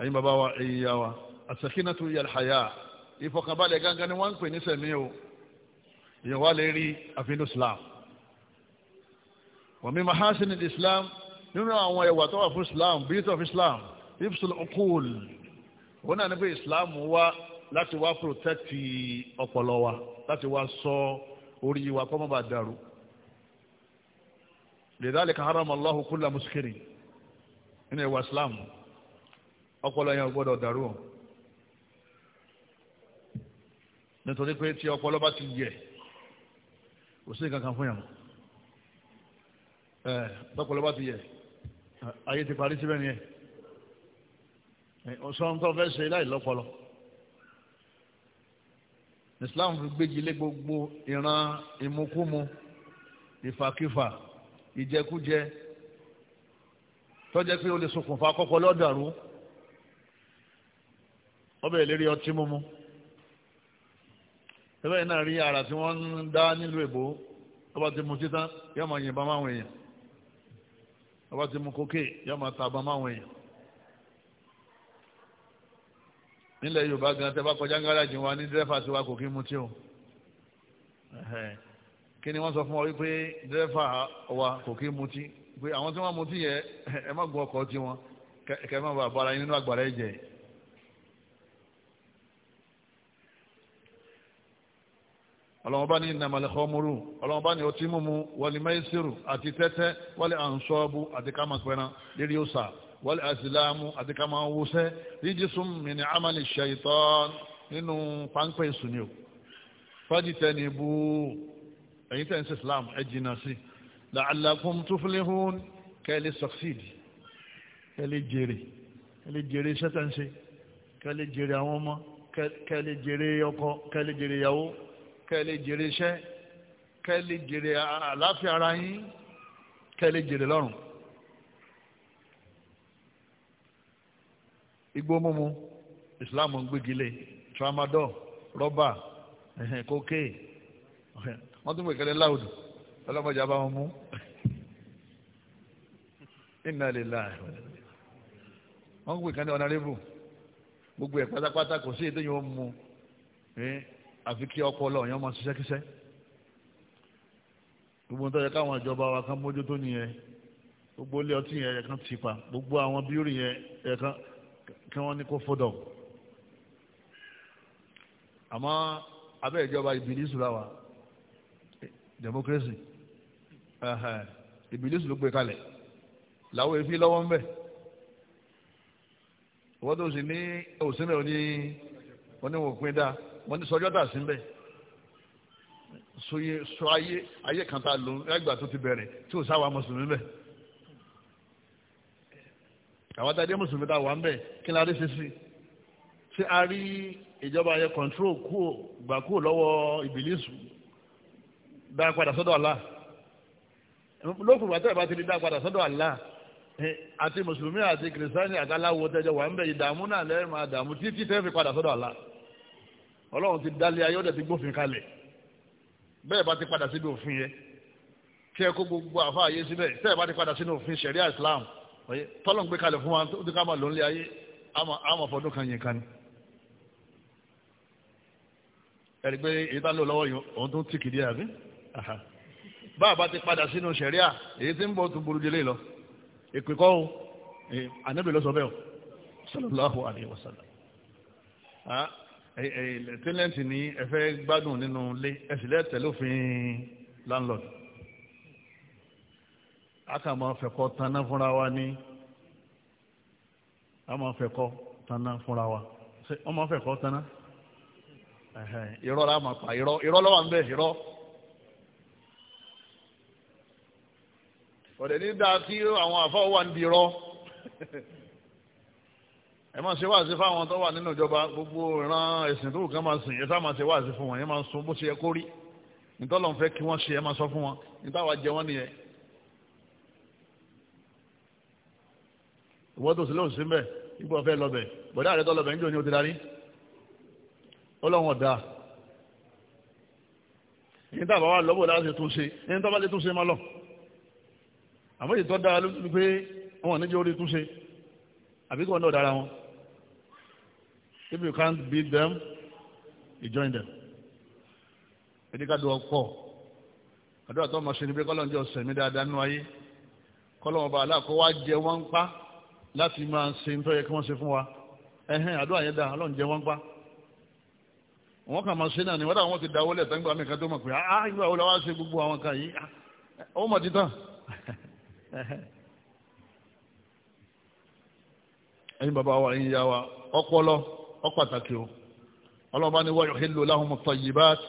ẹ̀yin bàbá wa ẹ̀yin ìyá wa àṣekínàtú yàlhàyà ìfọkànbalẹ̀ gángan ni wọ́n ń pè ní sẹ̀mí o èèyàn wá lè rí àfihàn islam wàmí mahasin islam nínú àwọn ẹwà tó wà fún islam beauty of islam ibsul okul wọn náà ní pé islam wá láti wá protect ọpọlọ wa láti wá sọ orí wa kọ́ mọ́ bá dàrú lidhalika harama allahu kulla muskirin nínú ìwà islam ọpọlọ yẹn gbọ́dọ̀ dàrú o nítorí pé tí ọpọlọ bá ti yẹ kò sí nǹkan fún yàn ẹ tọpọlọ bá ti yẹ ayé ti parí síbẹ̀ nìyẹn ọ̀sán tó fẹ́ ṣe láì lọ́pọlọ Islam fi gbéjìlé gbogbo ìran ìmukúmu ìfàkífà ìjẹkújẹ tọ́jẹ́ pé o lè ṣokùnfà kọ́kọ́ lọ́dàrú ọbẹ̀ ìlérí ọtí mímu ẹbẹ́ náà rí ara tí wọ́n ń dá nílùú èbó ọba ti mu títán yọ́ọ́ máa yìnbọn máwọn èèyàn ọba ti mu kókè yọ́ọ́ máa ta àbá máwọn èèyàn nílẹ̀ yorùbá gan tẹ́ bá kọjá gáràjì wa ní dírẹ́fà tí wa kò kí mu tí o kí ni wọ́n sọ fún ọ wípé dírẹ́fà wa kò kí mu tí pé àwọn tí wọ́n mu tí yẹ ẹ má gun ọkọ̀ tí wọn kẹ ẹ má bàa bọ́ra yín nínú àgbàrá ẹ̀jẹ̀ ọlọ́wọ́n bá ní nàmàlẹ̀ xọ́múrú ọlọ́wọ́n bá ní wọlé mẹ́sìrù àti tẹ́tẹ́ wọlé ànsọ́ọ̀bù àti kámasẹ́ná lérí ó sà wal asilamu àti ká máa wọṣẹ́ ríjísùn mi ní amali shaitan nínú páńpẹ́ ìsúnni o fájìtẹ́ni bú ẹ̀yin tẹ́ ń ṣe islam ẹ jìnnà sí la'allakum tuflihun kẹ́lẹ́ succeed kẹ́lẹ́ jèrè kẹ́lẹ́ jèrè iṣẹ́ tẹ́ ń ṣe kẹ́lẹ́ jèrè àwọn ọmọ kẹ́lẹ́ jèrè ọkọ kẹ́lẹ́ jèrè ìyàwó kẹ́lẹ́ jèrè iṣẹ́ kẹ́lẹ́ jèrè àlàáfíà ara yín kẹ́lẹ́ jèrè lọ́rùn. igbó mímu ìsìláàmù ń gbégilé tramadol rọ́bà kókè wọ́n tún gbèkẹ́lẹ́ láwùdù ọlọ́mọdé bá wọn mú iná lè la wọ́n gbèkẹ́lẹ́ ọ̀nàrẹ́bù gbogbo ẹ̀ pátápátá kò sí ètò yóò mú àfi kí ọpọlọ yẹn máa ṣiṣẹ́ kíṣẹ́ gbogbo nítorí káwọn ìjọba wa kan mójútó nìyẹn gbogbo ilé ọtí yẹn ẹ̀kan ti pa gbogbo àwọn bíórì yẹn ẹ̀kan kí wọ́n ní kó fódọ̀ àmọ́ abẹ́ ìjọba ìbílísù láwa democracy ìbílísù ló gbé kalẹ̀ làwọn èéfín lọ́wọ́ ń bẹ̀ wọ́n tó sì ní òsínbẹ̀ òní oníwòpin dáa wọ́n ní sọjọ́ dà sí ń bẹ̀ sọ ayé ayé kan tá a lò ẹgbàá tó ti bẹ̀rẹ̀ tí ò sáwà mùsùlùmí bẹ́ẹ̀ àwọn adájẹ́ mùsùlùmí tá a wà ń bẹ̀ kí la rí sí ṣé a rí ìjọba yẹn control kúò gbà kúò lọ́wọ́ ìbílísù dá a padà sọ́dọ̀ Allah lókùnrin àti ẹ̀bá ti di dá a padà sọ́dọ̀ Allah àti mùsùlùmí àti kìrìsìtánì àti aláwo tẹjọ wà ń bẹ̀ ìdààmú náà lẹ́yìn máa dààmú títí tẹ́ fi padà sọ́dọ̀ Allah ọlọ́run ti dálé ayé ọ̀dẹ̀ ti gbófin kalẹ̀ bẹ́ẹ̀ bá ti padà síbi òfin yẹn kí ẹ kó gbogbo àfáàyè síbẹ̀ tẹ́ẹ̀ bá ti padà sínú òfin ṣẹ̀ríà Islam ọ̀yẹ́ tọ́lọ̀ ń gbé kalẹ̀ fún wa tó ti ká máa lò ń lé ayé àmọ̀ fọdún kan yẹn kan ni. ẹ̀rí pé èyí tá lò lọ́wọ́ yìí òun tó ń tì kìdí àbí bá a bá ti padà sínú sẹ̀ríà èyí tí ń bọ̀ tún burú délé lọ èpè kọ́ o ànábì ló sọ bẹ́ẹ̀ o sallallahu alayhi wa sallam tẹ́lẹ̀ntì ni ẹ fẹ́ gbádùn nínú ilé ẹ̀sìn lẹ́tẹ̀ẹ́ lófin landlord. Aka kà máa fẹ̀kọ́ tanná fúnra wa ní a máa fẹ̀kọ́ tanná fúnra wa wọ́n máa fẹ̀kọ́ tanná irọ́ la máa pa irọ́ irọ́ lọ́wọ́ à ń bẹ̀ irọ́. ọ̀dẹ̀ ní dáa kí àwọn àfáà wà ń di irọ́ ẹ máa ṣe wáàsí fáwọn tó wà nínú ìjọba gbogbo ìran ẹ̀sìn tó kàn máa sìn ẹ sáà máa fún wọn ẹ máa sun bó ṣe yẹ kó rí nítọ́lọ́ ń fẹ́ kí wọ́n ṣe ẹ máa sọ fún wọn nítawà jẹ wọ́n nìyẹn ìwọ́n tó sì lóun sí mbẹ́ ipò ọ̀fẹ́ lọ́bẹ̀ bọ̀dá rẹ̀ tó lọ́bẹ̀ níjọ́ ni ó ti darí ọlọ́run ọ̀dà ní tàbá wà lọ́bọ̀ láti tún ṣe ní tàbá lè tún ṣe má lọ àmọ́ ìtọ́ dára ló pé wọn níjẹ́ orí tún ṣe àbí kí wọn náà dára wọn if you can't beat them you join them ẹni ká dùn ọ̀pọ̀ àdúrà tó ọmọ ṣe ni pé kọ́lọ́njọ́ sẹ̀mí dáadáa nínú ayé kọ́lọ́wọ́n bá aláàkọ́ wá jẹ wọ́n ń pa láti máa ṣe ń tọ́yẹ kí wọ́n ṣe fún wa ẹ̀hẹ́n àdúrà yẹn dá ọlọ́run jẹ́ wọ́n pa wọ́n kà máa ṣe náà ni wọ́n dà wọ́n ti dáwọ́ lẹ̀ tán gbà mí kan tó mọ̀ pé ah ìgbà wo la wá ṣe gbogbo àwọn kan yìí ó mọ̀ títàn ẹ̀yin bàbá wa ẹ̀yin ya wa ọpọlọ ọpàtàkì o ọlọ́ba ni wa yuhillu lahum at-tayyibat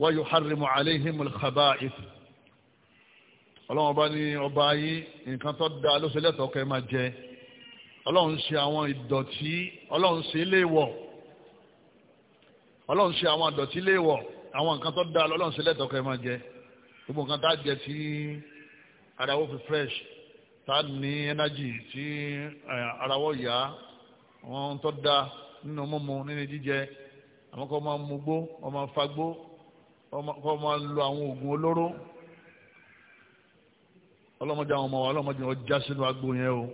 wa yuharrimu alayhim al-khaba'ith ọlọ́ba ni ọba yìí nǹkan tó dáa ló ṣe lẹ́tọ̀ọ́ kẹ́ máa jẹ ọlọ́run ṣe àwọn ìdọ̀tí ọlọ́run ṣe léèwọ̀ ọlọ́run ṣe àwọn ìdọ̀tí léèwọ̀ àwọn nǹkan tó dáa lọ́lọ́run ṣe lẹ́tọ̀ọ́ kẹ́ máa jẹ gbogbo nǹkan tá a jẹ tí ara fi fresh tá a ní energy tí ara wọ́n yá àwọn tó dáa nínú mímu nínú jíjẹ àwọn kọ́ máa mugbó wọ́n máa fagbó kọ́ máa lo àwọn oògùn olóró ọlọ́mọdé àwọn ọmọ wa ọlọ́mọdé wọn já sínú agbo yẹn o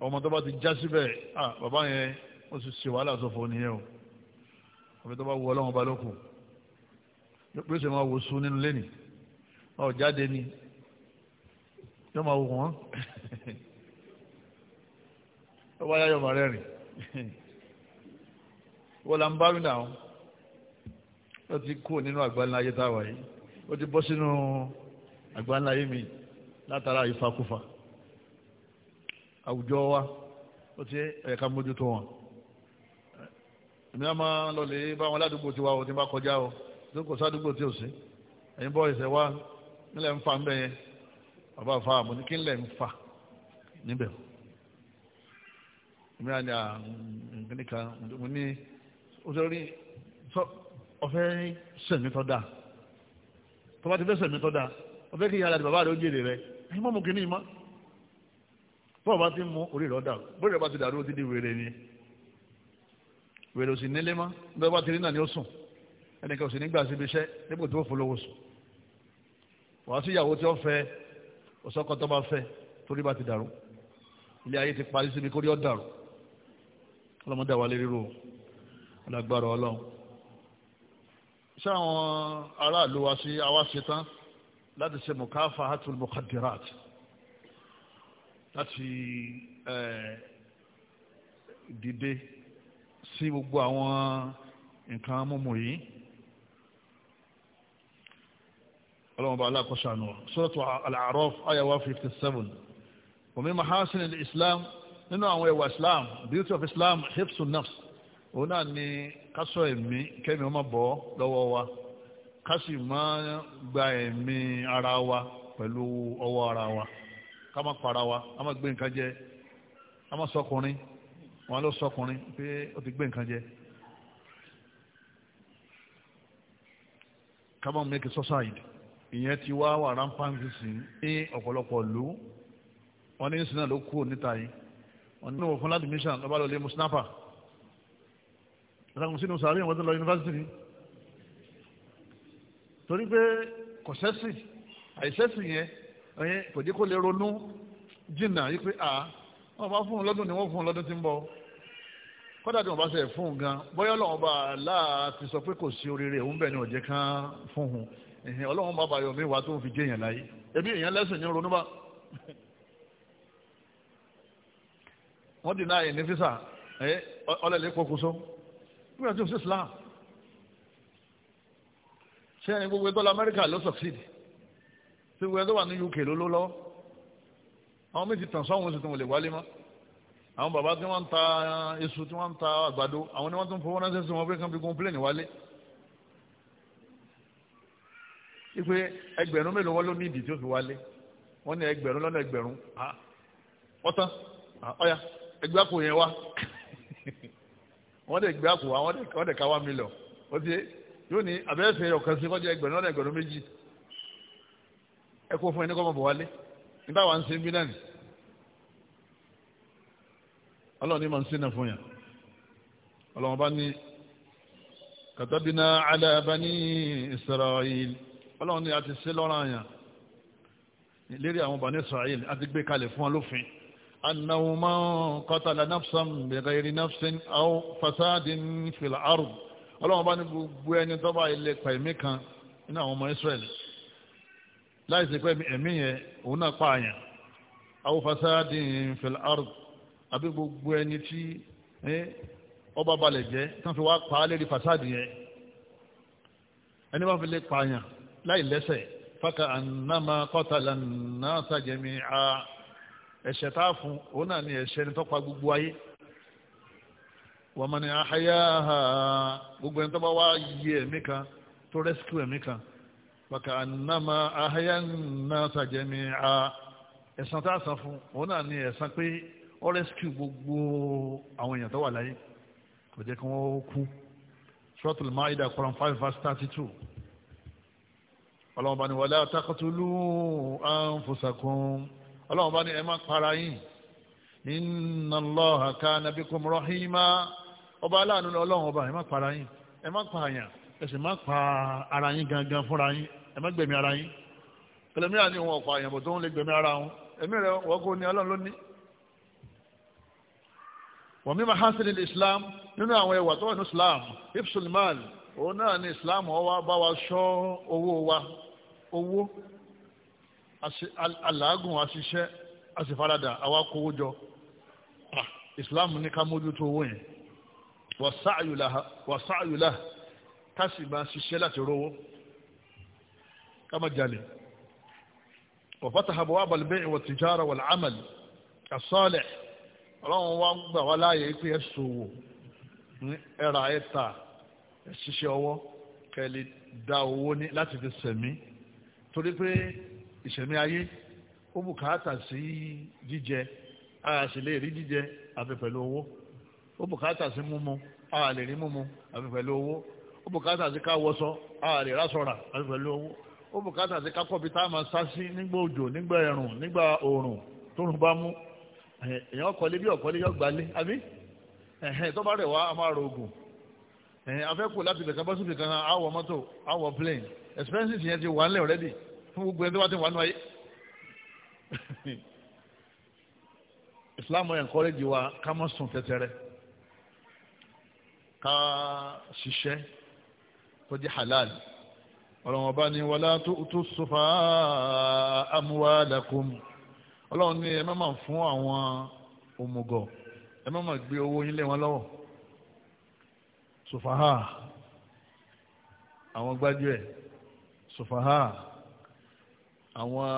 ọmọ tó bá ti já síbẹ̀ ah bàbá yẹn wọ́n sì ṣe wàhálà sọ̀fọ̀ nìyẹn o ọbẹ̀ tó bá wọ ọlọ́run ọba lókun yóò ṣe máa wò sùn nínú lẹ́nì ọ̀ jáde ni yóò máa wò wọ́n ó wáyà yóò máa rẹ́rìn wọ́n là ń bá rí náà ó ti kú nínú àgbáńlá ayé táwa yìí ó ti bọ́ sínú àgbáńlá ayé mi látara ìfakúfa àwùjọ wa ó ti ẹ̀ka mójútó wọn èmi náà máa lọ lè bá wọn ládùúgbò tiwa o ti bá kọjá o tó kò sádùúgbò tí o sí ẹ̀yin bọ́ ìṣẹ̀ wa nílẹ̀ ń fa ń bẹ̀ yẹn bàbá fa àmọ́ ní kí nílẹ̀ ń fa níbẹ̀ èmi náà ní àǹkíní kan mo ní o ti rí ọ̀fẹ́ sẹ̀mí tọ́ da tọ́ba ti fẹ́ sẹ̀mí tọ́ da ọ̀fẹ́ kí ìyá àlàdì bàbá rẹ̀ ó jèrè rẹ̀ ẹ̀yin mọ́ mo kì í ní ìmọ̀ tó o bá ti mú orí rẹ̀ ọ̀dà bórí rẹ̀ bá ti dàrú dídí wèrè ni wèrè òsì nílé mọ́ bí wọ́n bá ti rí náà ni ó sùn ẹnìkan òsì nígbà síbi iṣẹ́ nípò tó fọlọ́wọ́ sùn wàá sí ìyàwó tí ó fẹ́ ọ̀sọ́kọ tó bá fẹ́ torí bá ti dàrú ilé ayé ti parí síbi kórí ọ̀ dàrú ọlọ́mọdé àwa lè ríro ọlágbára ọlọ́run sáwọn aráàlú wa sí àwa ṣetán láti ṣe mùkáfà hatul mukadirat láti dìde sí gbogbo àwọn nǹkan múmu yìí ọlọ́mọba aláàkọ́sànù suratu al-A'raf aya 157 omi mahasin al-islam nínú àwọn ẹwà islam beauty of islam hifsun nafs òun náà ni kásọ̀ ẹ̀mí kẹ́mi ọmọ bọ́ lọ́wọ́ wa kásì máa gba ẹ̀mí ara wa pẹ̀lú ọwọ́ ara wa ká má para wa ká má gbé nǹkan jẹ ká má sọkùnrin wọn ló sọkùnrin pé ó ti gbé nǹkan jẹ ká make suicide, society ìyẹn ti wá wà rámpáǹsì sí ní ọ̀pọ̀lọpọ̀ ló wọn ní sinna ló kú níta yìí wọn ní òfin láti mission lọ́ba lọ́lẹ́ musnapa ọ̀sán sínú sàárè wọn tó lọ yunifásitì ni torí pé kò àìsẹ́sì yẹn kò jẹ́ kó lè ronú jìnnà yìí pé à wọ́n bá fún un lọ́dún ni wọ́n fún un lọ́dún tí ń bọ̀ kódà tí wọ́n bá ṣe fún un gan bóyá ọlọ́run bá láti sọ pé kò sí oríire òun bẹ̀ ni òjẹ́ kán fún un ẹ̀hìn ọlọ́run bá bàyọ̀ mi wá tó fi jẹ́ èèyàn láyé ẹbí èèyàn lẹ́sìn ní ronú bá wọ́n dì náà ní físà ọlẹ́lẹ́ pọkùsọ nígbà tí ó sì Islam ṣé ẹni gbogbo ẹgbẹ́ lọ Amẹ́ríkà ló succeed tí gbogbo ẹni tó wà ní UK ló ló lọ́wọ́ àwọn méjì tàn sọ́hún oṣù tó wọlé wálé mọ́ àwọn bàbá tí wọ́n ń ta iṣu tí wọ́n ń ta àgbàdo àwọn ni wọ́n tún fowó ránṣẹ́ sí wọn pé kàn fi gun pílẹ̀nì wálé ipe ẹgbẹ̀rún mélòó wọn ló ní ìdí tí ó fi wálé wọ́n ní ẹgbẹ̀rún lọ́nà ẹgbẹ̀rún ọ̀tán ọ̀yà ẹgbẹ́ àpò yẹn wá wọ́n lè gbé àpò wa wọ́n lè ká wá mílíọ̀ ó ti yóò ní abẹ́rẹ́ sẹ́yìn ọ̀kan sí kọ́jà ẹgbẹ̀rún lọ́nà ẹgbẹ̀rún méjì ẹ kó fún ẹni kọ́ ọmọ bọ̀ wálé nígbà wà ń sin bí náà ni ọlọ́run ní ma ń sin náà fún yà ọlọ́run bá ní katabina ala bani israel ọlọ́run ní a ti ṣe lọ́rọ̀ àyàn lérí àwọn bani israel a ti gbé kalẹ̀ fún wa lófin annahu man qatala nafsan bighayri nafsin aw fasadin fil ard ọlọ́run gbogbo ẹni tó bá ilé kan nínú àwọn ọmọ israel láì sí pé ẹ̀mí yẹn òun náà pààyàn aw fasadin fil ard àbí gbogbo ẹni tí ọba balẹ̀ jẹ́ tán fi wá pa á lérí fasadi yẹn ẹni bá fi lè pààyàn láì lẹ́sẹ̀ faka annama qatala an-nasa jami'a ẹ̀ṣẹ̀ tá a fún òun náà ni ẹ̀ṣẹ̀ ni tó pa gbogbo ayé wa man ahyaha gbogbo ẹni tó bá wá yí ẹ̀mí kan tó rẹ́síkú ẹ̀mí kan fàkànnàmà ahayánná sàjẹmí a ẹ̀sán tá a san fún òun náà ni ẹ̀sán pé ó rẹ́síkì gbogbo àwọn èèyàn tó wà láyé kò jẹ́ kí wọ́n kú suratul maida quran five verse thirty two ọlọ́wọ́n bá ní wala taqtulu anfusakum ọlọ́wọ́n bá ní ẹ má para yín inna Allaha kana bikum rahima ọba aláàánú ni ọba ẹ má para yín ẹ má pa àyàn sì má pa ara yín gangan fúnra yín ẹ má gbẹ̀mí ara yín ẹlòmíràn ní wọn ọ̀pọ̀ àyànbọ̀ tó ń lè gbẹ̀mí ara wọn ẹ̀mí rẹ̀ wọ́n kò ní ọlọ́run ló ní. wọ́n mímọ hansen ní islam nínú àwọn ẹwà tó wà ní islam ibsul mal òun náà ní islam ọwọ́ bá wa ṣọ́ owó wa owó aláàgùn àṣiṣẹ́ àṣìfaradà àwa kówó jọ islam ní ká mójútó owó yẹn wàsáàyùlá kásì ṣiṣẹ́ láti rówó ká má jalè وفتح أبواب البيع والتجارة والعمل الصالح ọlọ́run wá ń gbà wá láàyè pé ẹ ṣòwò ní ẹ̀rà ẹ̀ta ẹ ṣiṣẹ́ ọwọ́ kẹ́ ẹ lè da owó ní láti fi sẹ̀mí torí pé ìṣẹ̀mí ayé ó bùkátà sí jíjẹ a sì lè rí jíjẹ àfi pẹ̀lú owó ó bùkátà sí mímu a lè rí mímu àfi pẹ̀lú owó ó bùkátà sí káwọ́sọ a lè rásọ̀rà àfi pẹ̀lú owó ó bùkátà sí kákọ́ bí tá a máa sá sí nígbà òjò nígbà ẹ̀rùn nígbà òòrùn tóòrùn bá mú èèyàn ọkọ̀lé bí ọ̀kọ̀lé yọ gbalé àbí tó bá rẹ̀ wá a máa ro oògùn afẹ́kù láti bẹ̀ka bọ́sù bìkan àwọ̀ mọ́tò àwọ̀ plane expenses yẹn ti wà ńlẹ̀ already fún gbogbo ẹni tó bá ti wà nù ayé islam encourage wa ká má sùn tẹ́tẹ́rẹ́ ká ṣiṣẹ́ tó jẹ́ halal ọlọ́run ọba ní wọlá tó sọfà amúwádàkùn ọlọ́run ní ẹ má máa fún àwọn òmùgọ̀ ẹ má máa gbé owó yín lé wọn lọ́wọ́ sọfàhà àwọn gbájúẹ̀ sọfàhà àwọn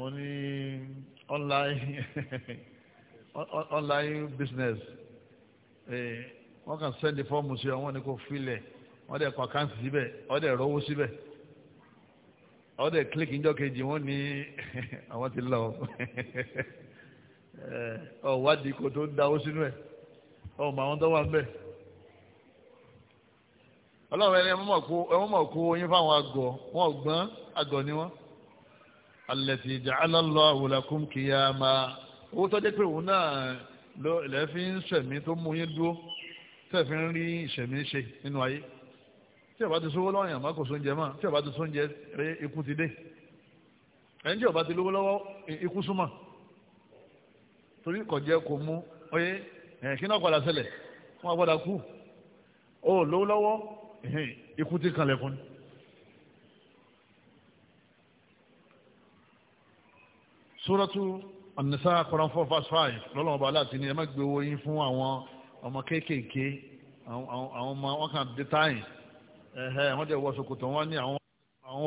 wọn ní online online business wọ́n kàn sẹ́ndì fọ́ọ̀mù sí ọ wọ́n ní kò filẹ̀ wọ́n dẹ̀ kọ́ àkáǹtì síbẹ̀ wọ́n dẹ̀ rówó síbẹ̀ wọ́n dẹ̀ kílíkì ńjọ́ kejì wọ́n ní àwọn ti lọ ọ wádìí kò tó dáwó sínú ẹ̀ ọ mọ àwọn tó wà ń bẹ̀ ọlọ́run ẹni ẹ̀wọ́n mọ̀ kó oyin fáwọn àgọ̀ wọn ò gbọ́n àgọ̀ ni wọ́n allati ja'ala Allahu lakum qiyama owó tọ́jú pé òun náà lẹ́ẹ̀fín sẹ̀mí tó mú yín dúró tẹ̀fín rí ìsẹ̀mí ṣe nínú ayé tí ọba ti sówó lọ́rùn àmọ́ kò sóúnjẹ mọ́ tí ọba ti sóúnjẹ rẹ ikú ti dé ẹni tí ọba ti lówó lọ́wọ́ ikú súnmọ́ torí kò jẹ kò mú ọyẹ ẹ̀ kí náà padà ṣẹlẹ̀ wọ́n gbọ́dọ̀ kú ó lówó lọ́wọ́ ikú ti kanlẹ̀kùn ni. súrọ́tù ọ̀nìṣà Quran four verse five lọ́lọ́mọ ọba aláàtì ni ẹ má gbé owó yín fún àwọn ọmọ kéékèèké àwọn ọmọ wọn kàn dé táyìn ẹ̀hẹ́ wọ́n jẹ́ wọ ṣòkòtò wọ́n ní àwọn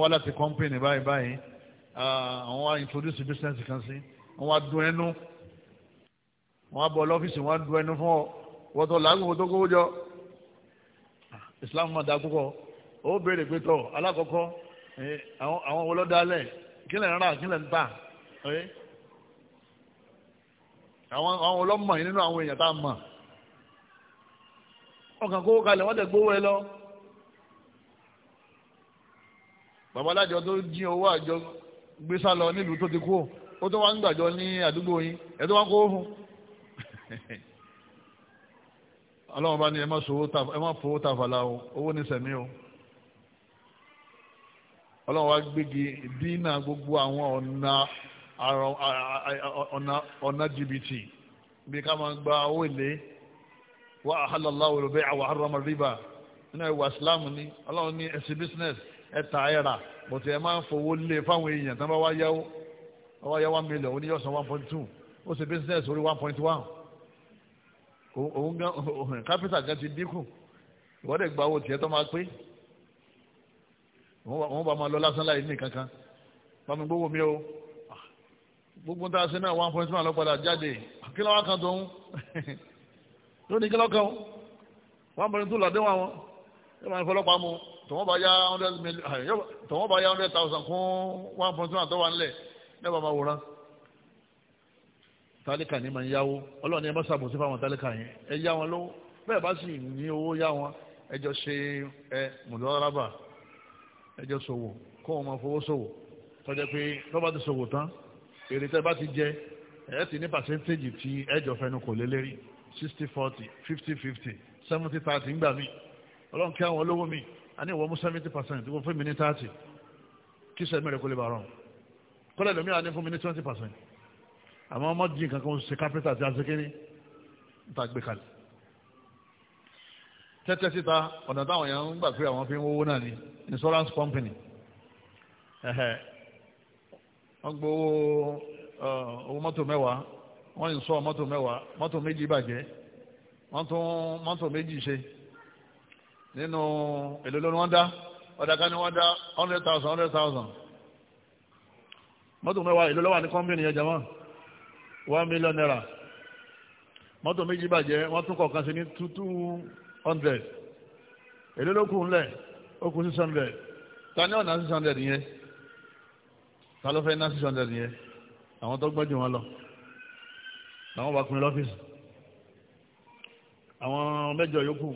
wá láti kọ́ńpìnì báyìí báyìí àwọn wá introduce business kan sí wọ́n wá dun ẹnu wọ́n á bọ̀ lọ́fíìsì wọ́n á dun ẹnu fún ọ wọ́n tó làágùn tó kówó jọ Islam máa da púpọ̀ ó béèrè pé tọ́ alákọ̀ọ́kọ́ àwọn wo ló dálẹ̀ kí lẹ̀ ń rà kí lẹ̀ ń tà àwọn ọlọ́mọ yìí nínú àwọn èèyàn tá a mọ̀ ọkàn kówó kalẹ̀ wọ́n tẹ̀ gbówó ẹ lọ. babalájọ tó jí owó àjọ gbé sá lọ nílùú tó ti kú ó tó wá ń gbàjọ ní àdúgbò yín ẹ tó wá ń kó fún ọlọ́run bá ní ẹ má fowó tàfàlà o owó ní sẹ̀mí o ọlọ́run wá gbégi dínà gbogbo àwọn ọ̀nà ọ̀nà jìbìtì bí ká máa gba owó èlé wa ahalla Allahu al-bay'a wa harrama ar-riba nínú ẹ̀wà islam ní ọlọ́run ní ẹ̀sìn business ẹ̀ta ẹ̀rà bọ̀tì ẹ̀ máa ń fowó lé fáwọn èèyàn tí wọ́n wá yáwó wọ́n wá yá one million oníyọ̀ san one point two ó ṣe business orí one point one òun gan capital gan ti dínkù ìwọ́dẹ̀ gba owó tiẹ̀ tó máa pé wọ́n bá máa lọ lásán láì ní kankan bámi gbówó mi o gbogbo tá a ṣe náà one point one lọ padà jáde kí lọ́wọ́ kan tó ń lónìí kí lọ́kàn one point two lọ́dẹ́wọ̀n àwọn ẹ̀ máa ń fọlọ́pàá mu tọ̀wọ́n bá yá hundred million tọ̀wọ́n bá yá hundred thousand kún one point one tọ́wọ́ ńlẹ̀ lẹ́wọ̀ máa wòran tálíkà ní máa ń yáwó ọlọ́ọ̀ni ẹ bá ṣàbòsí fáwọn tálíkà yẹn ẹ yá wọn lówó bẹ́ẹ̀ bá sì ní owó yá wọn ẹ jọ ṣe ẹ mùdọ́rábà ẹ jọ ṣòwò kó wọn máa fowó ṣòwò tọ́jà pé lọ́ba ti ṣòwò tán èrè tẹ́ bá ti jẹ ẹ ti ní pàṣẹ́ntéèjì tí ẹ jọ fẹnu kò lé lérí sixty forty fifty fifty seventy thirty ńgbà míì ọlọ́run kí àwọn olówó míì a ní ìwọ mú seventy percent ìwọ fún mi ní thirty kí sẹ́mi rẹ̀ kó lè bá rọrùn kọ́lẹ̀ lómi àní fún mi ní twenty percent àmọ́ ọmọ dín kankan ṣe kápẹ́tà àti azekere níta gbé kalẹ̀ tẹ́tẹ́ síta ọ̀nà táwọn èèyàn ń gbà pé àwọn fi ń wówó náà ni insurance company wọ́n gbowó owó mọ́tò mẹ́wàá wọ́n ń sọ mọ́tò mẹ́wàá mọ́tò méjì bàjẹ́ wọ́n tún mọ́tò méjì ṣe nínú èlò lórí wọ́n dá ọ̀dàká ni wọ́n dá hundred thousand hundred thousand mọ́tò mẹ́wàá èlò lọ́wọ́ ní kọ́mpìnì yẹn jẹ́mọ́ one million naira mọ́tò méjì bàjẹ́ wọ́n tún kọ̀ọ̀kan sí ní two two hundred èlò ló kù ńlẹ̀ six hundred ta ni ọ̀nà six hundred yẹn ta ló fẹ́ ná six hundred yẹn àwọn tó gbọ́n jù wọn lọ làwọn bá kún ní àwọn mẹ́jọ yòókù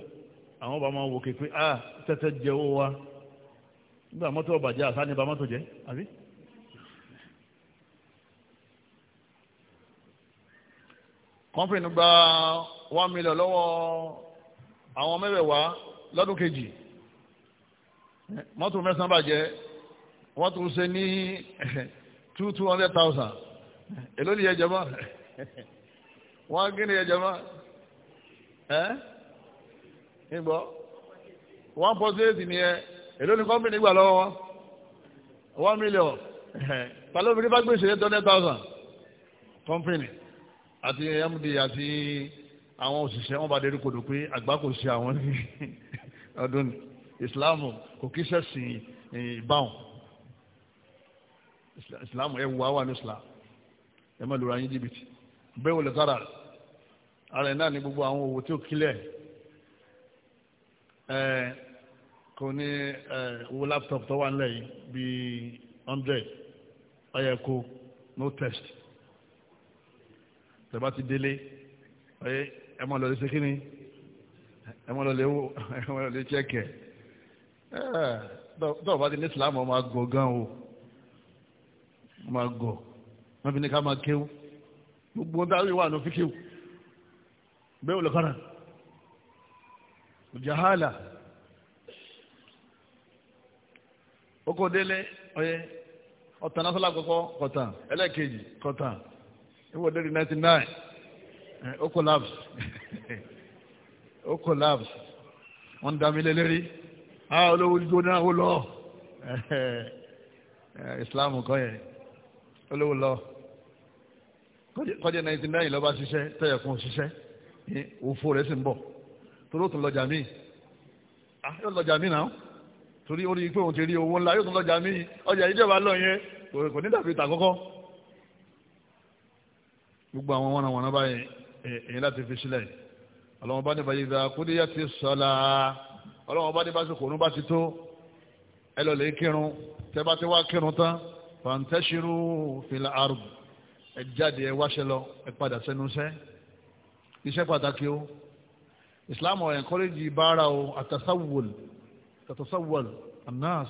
àwọn bá máa wò ké pé ah, tẹ́tẹ́ jẹ owó wa nígbà mọ́tò ọ̀bàjẹ́ àṣà ni bá mọ́tò jẹ́ àbí. kọ́ńpìnì gba one million lọ́wọ́ àwọn mẹ́wẹ̀ẹ̀wá lọ́dún kejì mọ́tò mẹ́sàn-án bàjẹ́ wọ́n tún ṣe ní two two hundred thousand èló ni yẹ jẹ mọ́ wọ́n gé ni yẹ jẹ mọ́ nígbọ́ one point eight ni ẹ èló ni kọ́mpìnì gbà lọ́wọ́ one million palomini bá gbèsè eight hundred thousand kọ́mpìnì àti md àti àwọn òṣìṣẹ́ wọn bá dérí kodò pé àgbà kò ṣe àwọn ní ọdún ìsìláàmù kò kí sẹ́sìn ìbáwọn ìsìláàmù ẹ̀ wà wà ní ìsìláàmù ẹ̀ má lura yín jìbìtì bẹ́ẹ̀ wọlé sára ara ẹ̀ náà ní gbogbo àwọn owó tí ó kílẹ̀ kò ní owó laptop tó wà nílẹ̀ yìí bíi hundred ọyẹ kó no test tẹ̀bá ti délé ọyẹ ẹ mọ̀ lọ́lẹ́ sẹ́kínì ẹ mọ̀ lọ́lẹ́ wò ẹ mọ̀ lọ́lẹ́ chẹ́kẹ̀ tọ́wọ́ bá ti ní Islam ọmọ àgọ̀ gan o ọmọ àgọ̀ wọ́n fi ní ká máa kéwú gbogbo ń dárí wà ní fíkíw bẹ́ẹ̀ olùkọ́ra. jahala okodele délé ọyẹ ọ̀tàn lásán elekeji kọ̀tà ẹlẹ́ẹ̀kejì 99 okolabs délé ninety dami lélẹ́rí á olówó jóná ó lọ islam kan yẹn olówó lọ kọ́jà sì ń torí ó tún lọ́jà ah yóò lọ́jà míì náà torí ó rí i pé òun ti rí owó ńlá yóò tún lọ́jà míì ọjà ìjọba lọ yẹn kò ní dàbí ìta kọ́kọ́ gbogbo àwọn wọnàwọnà báyìí èyí láti fi sílẹ̀ ọlọ́wọ́n bá ní bá yìí dáa kúndé yá ti sọ́la ọlọ́wọ́n bá ní bá ti kòrún bá ti tó ẹ lọ lè kírun tẹ bá ti wá kírun tán fàǹtẹ́sirú fìlà àrùn ẹ jáde ẹ wáṣẹ lọ ẹ padà sẹ́nu iṣẹ́ iṣẹ́ pàtàkì o islam ọ̀ ẹ̀ńkọ́rẹ́jì bára o àtàsáwòl tàtàsáwòl anas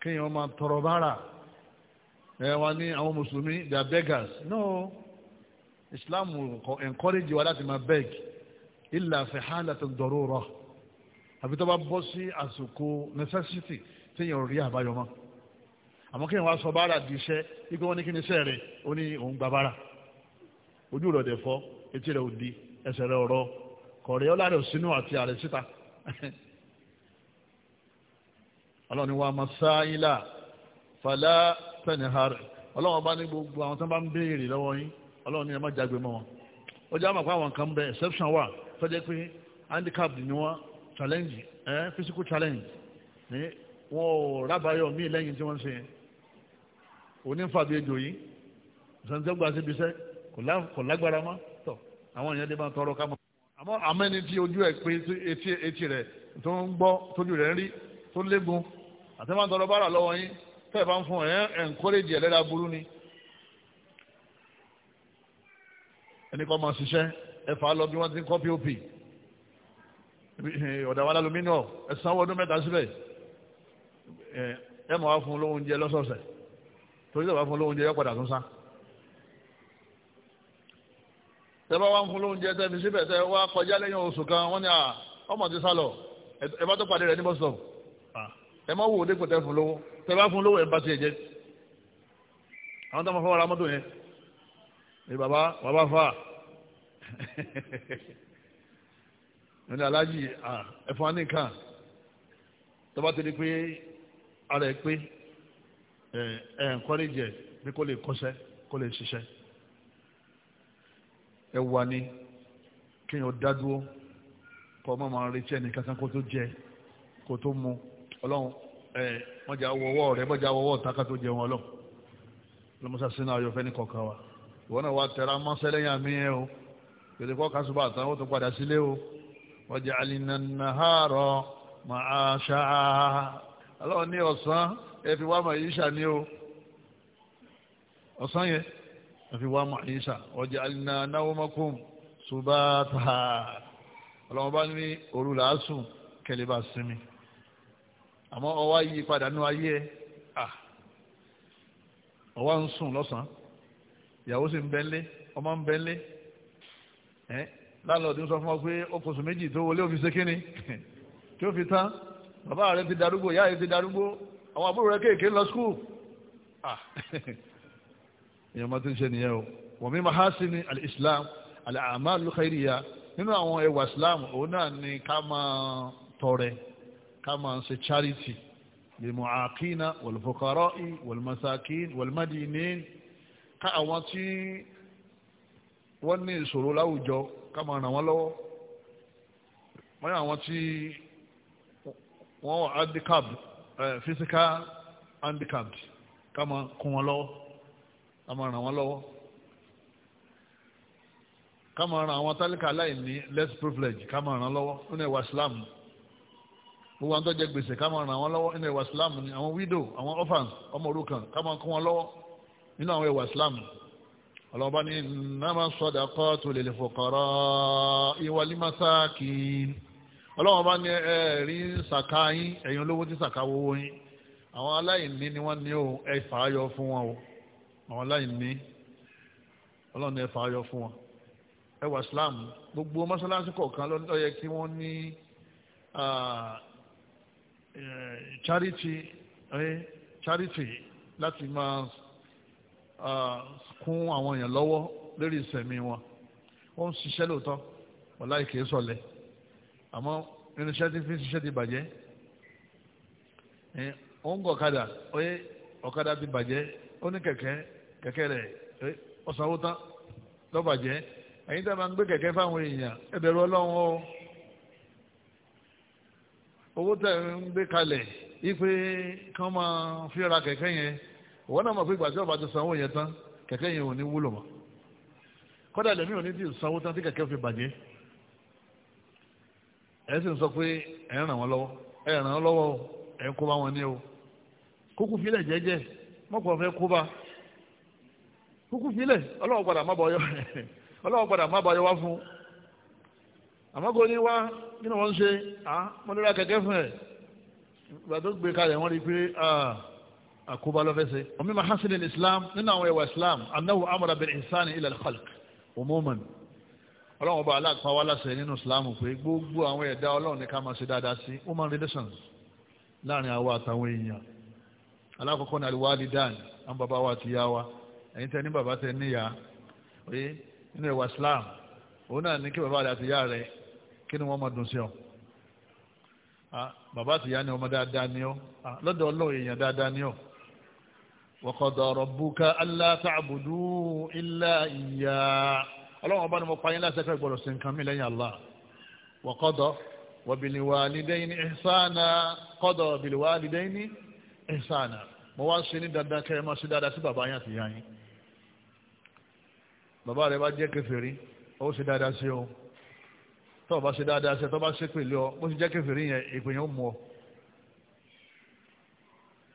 kéèyàn máa tọrọ bára ẹ wà ní àwọn mùsùlùmí they are beggars no islam ẹ̀ńkọ́rẹ́jì wa láti máa beg illa fi halati darura àbí tó bá bọ́ sí àsìkò necessity téèyàn rí àbáyọ mọ́ àmọ́ kéèyàn wá sọ bára di iṣẹ́ ikú wọn ní kí ni iṣẹ́ rẹ̀ ó ní òun gba bára ojú rẹ̀ dẹ̀ fọ́ etí rẹ̀ ò di ẹsẹ̀ rẹ̀ kọ̀rẹ́ ọlára òsínú àti ààrẹ síta ọlọ́ni wa masáílà fàlá tẹ̀nìhàr ọlọ́wọ́n bá ní gbogbo àwọn tó bá ń béèrè lọ́wọ́ yín ọlọ́ni ẹ má jágbe mọ́ wọn ó jẹ́ àmàpá àwọn kan bẹ exception wà tó jẹ́ pé handicap ni wọ́n challenge eh, physical challenge ni wọ́n ò rábàáyọ̀ míì lẹ́yìn tí wọ́n ń ṣe onífàbí ejò yìí ìsànjẹ́gbà síbi iṣẹ́ kò lágbára mọ́ tọ̀ àwọn èèyàn dé máa tọrọ ká mọ́ àmọ́ ẹni tí ojú ẹ̀ pé etí etí rẹ̀ tó ń gbọ́ tójú rẹ̀ ń rí tó légun àti máa ń tọrọ bára lọ́wọ́ yín tẹ́ ẹ̀ bá ń fún ẹ̀ ẹ̀ ń kórèjì ẹ̀ lẹ́dà burú ni. ẹni kọ́ máa ṣiṣẹ́ ẹ fà á lọ bí wọ́n ti ń kọ́ pop ọ̀dà wa lálùmínú ẹ sanwó ọdún mẹ́ta síbẹ̀ ẹ máa wá fún lóúnjẹ lọ́sọ̀ọ̀sẹ̀ torí tó bá fún lóúnjẹ yọ tẹ́bá wá ń fún lóúnjẹ tẹ́ fi síbẹ̀ tẹ́ wá kọjá lẹ́yìn oṣù kan wọ́n ní ọmọ ti sálọ ẹ bá tó pàdé rẹ̀ ní bọ́sítọ̀ ẹ má wò ó dépò tẹ́ fún lówó tẹ́ bá fún lówó ẹ bá ti jẹ àwọn tó máa fọwọ́ ra mọ́tò yẹn ẹ bàbá bàbá fà ẹ ní aláàjì ẹ fún wa ní nǹkan tó bá ti di pé ara ẹ pé ẹ ẹ encourage pé kó lè kọ́ṣẹ́ kó lè ṣiṣẹ́ ẹwà ni kéèyàn dádúró kọ́ ọmọ máa retí ẹnì kankan kó tó jẹ kó tó mu ọlọ́run ẹ mọ̀jà wọ́wọ́ rẹ mọ̀jà wọ́wọ́ ta tó jẹun ọlọ́run lọ́mọsá sínú ayọ̀fẹ́ ní kọ̀ọ̀kan wa ìwọ náà wà tẹ̀ra mọ́sẹ́lẹ́yìn mi ẹ o pèsè kọ́ kásùbà tán ó tún padà sílé o wọ́jà alinanaharo máa ṣá ọlọ́run ní ọ̀sán ẹ fi wá mọ̀ yìí ṣà o ọ̀sán yẹn àfi wá màáyísà ọjà alìnà náwọ́mọ́kùn ṣùgbọ́ta ọlọ́mọba ní òru làásùn kẹlẹ́bà sinmi àmọ́ ọwá yí padà nú ayé ẹ̀ ọwá ń sùn lọ́sàn ìyàwó sì ń bẹ́ńlé ọmọ ń bẹ́ńlé ẹ́ lálọ́ọ̀dún sọ fún ọ pé ó kòsùn méjì tó wọlé òfin ṣe kíni tí ó fi tán bàbá rẹ ti darúgbó ìyá rẹ ti darúgbó àwọn àbúrò rẹ kéèké lọ skul èèyàn máa ti ń ṣe nìyẹn o wọ́n mi mahasini al-islam al-a'malu khairiya nínú àwọn ẹwà islam òun náà ni ká máa tọrẹ ká máa ṣe charity limu'aqina wal-fuqara'i wal-masakin wal ká àwọn tí wọ́n ní ìṣòro láwùjọ ká máa ràn wọ́n lọ́wọ́ wọ́n yà àwọn tí wọ́n wà handicapped eh, physical handicapped ká máa kún wọn lọ́wọ́ ká máa ràn wọ́n lọ́wọ́ ká máa ràn àwọn tálíkà aláìní less privilege ká máa ràn lọ́wọ́ nínú ẹ̀wà Islam gbogbo àwọn tó jẹ gbèsè ká máa ràn wọ́n lọ́wọ́ nínú ẹ̀wà Islam ni àwọn widow àwọn orphans ọmọ òrukàn ká máa kún wọn lọ́wọ́ nínú àwọn ẹ̀wà Islam ọlọ́ba ní nàmà sadaqatu lil fuqara'i wal masakin ọlọ́wọ́n bá ní ẹ̀rí sàkáyín ẹ̀yin olówó tí sàkáwó yín àwọn aláìní ni wọ́n ní o ẹ fàáyọ fún wọn o àwọn aláìní ọlọ́run ní ẹ̀fà ayọ̀ fún wọn ẹwà islam gbogbo mọ́sálásí kọ̀ọ̀kan ló yẹ kí wọ́n ní charity charity láti máa kún àwọn èèyàn lọ́wọ́ lórí ìsẹ̀mí wọn wọ́n ń ṣiṣẹ́ lóòótọ́ wọ́n láì kìí sọ̀lẹ̀ àmọ́ irinṣẹ́ tí fi ń ṣiṣẹ́ ti bàjẹ́ ó ń gọ̀kadà ọ̀kadà ti bàjẹ́ ó ní kẹ̀kẹ́ kẹ̀kẹ́ rẹ̀ ọ̀sánwó tán lọ́bàjẹ́ ẹ̀yin tẹ́ máa ń gbé kẹ̀kẹ́ fáwọn èèyàn ẹ bẹ̀rù ọlọ́run o owó tẹ̀ ń gbé kalẹ̀ ipe kán máa fi ra kẹ̀kẹ́ yẹn ìwọ náà mọ̀ pé ìgbà tí ọba ti sanwó yẹn tán kẹ̀kẹ́ yẹn ò ní wúlò mọ́ kọ́dà lèmi ò ní ti sanwó tán tí kẹ̀kẹ́ fi bàjẹ́ ẹ sì ń sọ pé ẹ ń ràn wọ́n lọ́wọ́ ẹ ràn wọ́n lọ́wọ́ ẹ kó bá wọn ní o kókó filẹ̀ jẹ́jẹ́ mọ́kàn fẹ́ kó bá kúkú filẹ̀ ọlọ́wọ́ padà má bọyọ ọlọ́wọ́ padà má bọyọ wá fún àmọ́kò ní wá kí ni wọ́n ń ṣe à mo lè ra kẹ̀kẹ́ fún ẹ̀ ìgbà tó gbé kalẹ̀ wọ́n rí i pé àkóbá lọ́fẹ́ ṣe. omi ma hasan in islam nínú àwọn ẹwà islam annahu amara bil ihsani ila al khalq umuman ọlọ́wọ́n bá aláàpá wá láṣẹ nínú islam pé gbogbo àwọn ẹ̀dá ọlọ́run ní ká máa ṣe dáadáa sí human relations láàrin àwa àtàwọn èèyàn alákọ̀ọ́kọ́ ní aliwalidan àwọn bàbá wa àti ìyá wa ẹ̀yin tẹ́ ní bàbá tẹ́ níyà oye nínú ẹ̀wà Islam òun náà ní kí bàbá rẹ̀ àti ìyá rẹ̀ kí ni wọ́n máa dùn sí ọ bàbá àti ìyá ni ọmọ dáadáa ni ọ lọ́dọ̀ ọlọ́run èèyàn dáadáa ni ọ wa qada rabbuka alla ta'budu illa iyya ọlọ́run ọba ni mo pa yín láti ẹ̀kọ́ ìgbọ̀rọ̀ sí nǹkan mi lẹ́yìn Allah wa qada wa bilwalidayni ihsana qada bilwalidayni ihsana mo wá ṣe ní dandan kẹrìmọ́ sí dáadáa sí bàbá yín àti ìyá yín bàbá rẹ bá jẹ́ kèfèrí ó ṣe dáadáa sí ọ tó o bá ṣe dáadáa sí ọ tó bá ṣe pèlè ọ bó ṣe jẹ́ kèfèrí yẹn ìpènyàn mú ọ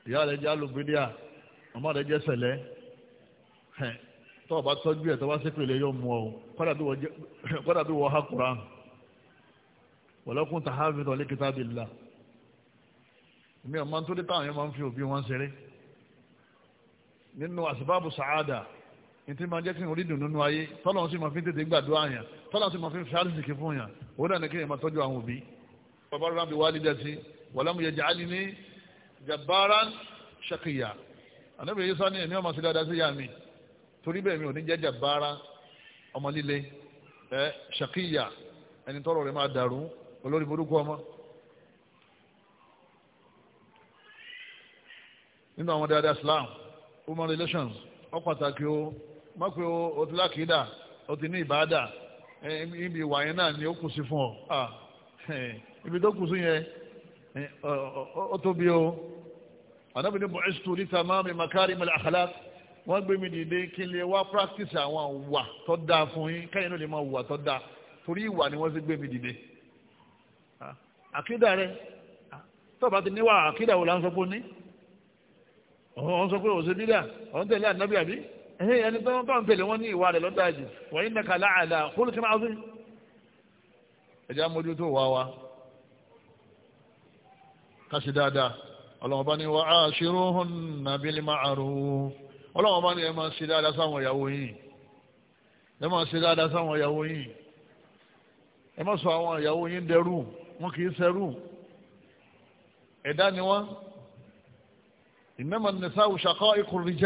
ìyá rẹ jẹ́ alùbídíà ọmọ rẹ jẹ́ sẹ̀lẹ́ tó o bá tọ́jú ẹ̀ tó bá ṣe pèlè yóò mú ọ kọ́dà bí wọ́n há Kùránì tàhábì tọ́lé kitabillah mi ò máa ń tó dé táwọn yẹn máa ń fi òbí wọn ṣeré nínú àsìbáàbù sàádà ntí máa jẹ́ kí n orí dùn nínú ayé tọ́lọ́run sì máa fi tètè gbàdúrà yàn tọ́lọ́run sì máa fi fi àrísìkì fún yàn òun náà ní kéèyàn máa tọ́jú àwọn òbí bàbá rẹ̀ bí wálé dẹ́sí wàlámù yẹ jàálì ní jabbaran shaqiya ànábìyẹ yìí sani èmi ọmọ sí dáadáa sí yá mi torí bẹ́ẹ̀ mi ò ní jẹ́ jabbaran ọmọ líle ẹ shaqiya ẹni tọ́rọ̀ rẹ̀ máa dàrú olórí burúkú ọmọ nínú àwọn dáadáa Islam human relations ọ pàtàkì o mọ̀ pé o ti lákìídà o ti ní ìbáàdà ibi ìwà yẹn náà ni ó kù sí fún ọ ibi tó kù sí yẹn ó tóbi o ànábì ní bu'istu li tamami makarim al-akhlaq wọ́n gbé mi dìde kí n lè wá practice àwọn ìwà tó dáa fún yín káyìn náà lè máa wà tó dáa torí ìwà ni wọ́n sì gbé mi dìde àkídà rẹ tọ́ba ti níwà àkídà wò lá ń sọ pé ó ní ọ̀hún sọ pé òṣèlú dídà ọ̀hún tẹ̀lé ànábì ẹni tó ń bá ń tẹ̀lé wọn ní ìwà rẹ̀ lọ́dọ̀ àjù wọ́n yín nàkà láàlà kúrò tí máa fún ẹ̀jẹ̀ amójútó wà wá kásì dáadáa ọlọ́wọ́n bá ní wa ashiruhunna bil ma'ruf ọlọ́wọ́n bá ní ẹ máa ṣe dáadáa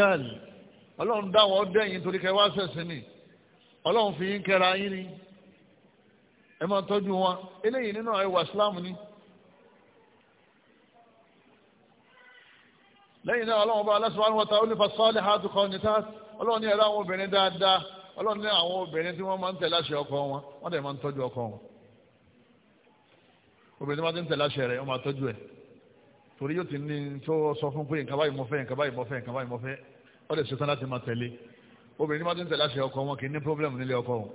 sáwọn ọlọ́run dáwọ̀ dẹ́yìn torí kẹ́ wá ṣẹ̀sìn ni ọlọ́run fi yín kẹ́ra yín ni ẹ máa tọ́jú wọn eléyìí nínú àìwà ìsìláàmù ni. lẹ́yìn náà ọlọ́run bá aláṣọwọ́n wọn ta ó ní fasọ́ọ́lì hàtú kan ní táàtì ọlọ́run ní ẹ̀rọ àwọn obìnrin dáadáa ọlọ́run ní àwọn obìnrin tí wọ́n máa ń tẹ̀ láṣẹ ọkọ wọn wọ́n dẹ̀ máa ń tọ́jú ọkọ wọn. obìnrin tí wọ́n ti ń tẹ̀ láṣẹ rẹ̀ wọ́n máa tọ́jú ẹ̀ torí yóò ti ní tó sọ fún pé nǹkan báyìí mo nǹkan báyìí mo nǹkan báyìí mo ó lè ṣetán láti máa tẹ̀lé obìnrin máa ti ń tẹ̀lé ọkọ wọn kì í ní problem nílé ọkọ wọn.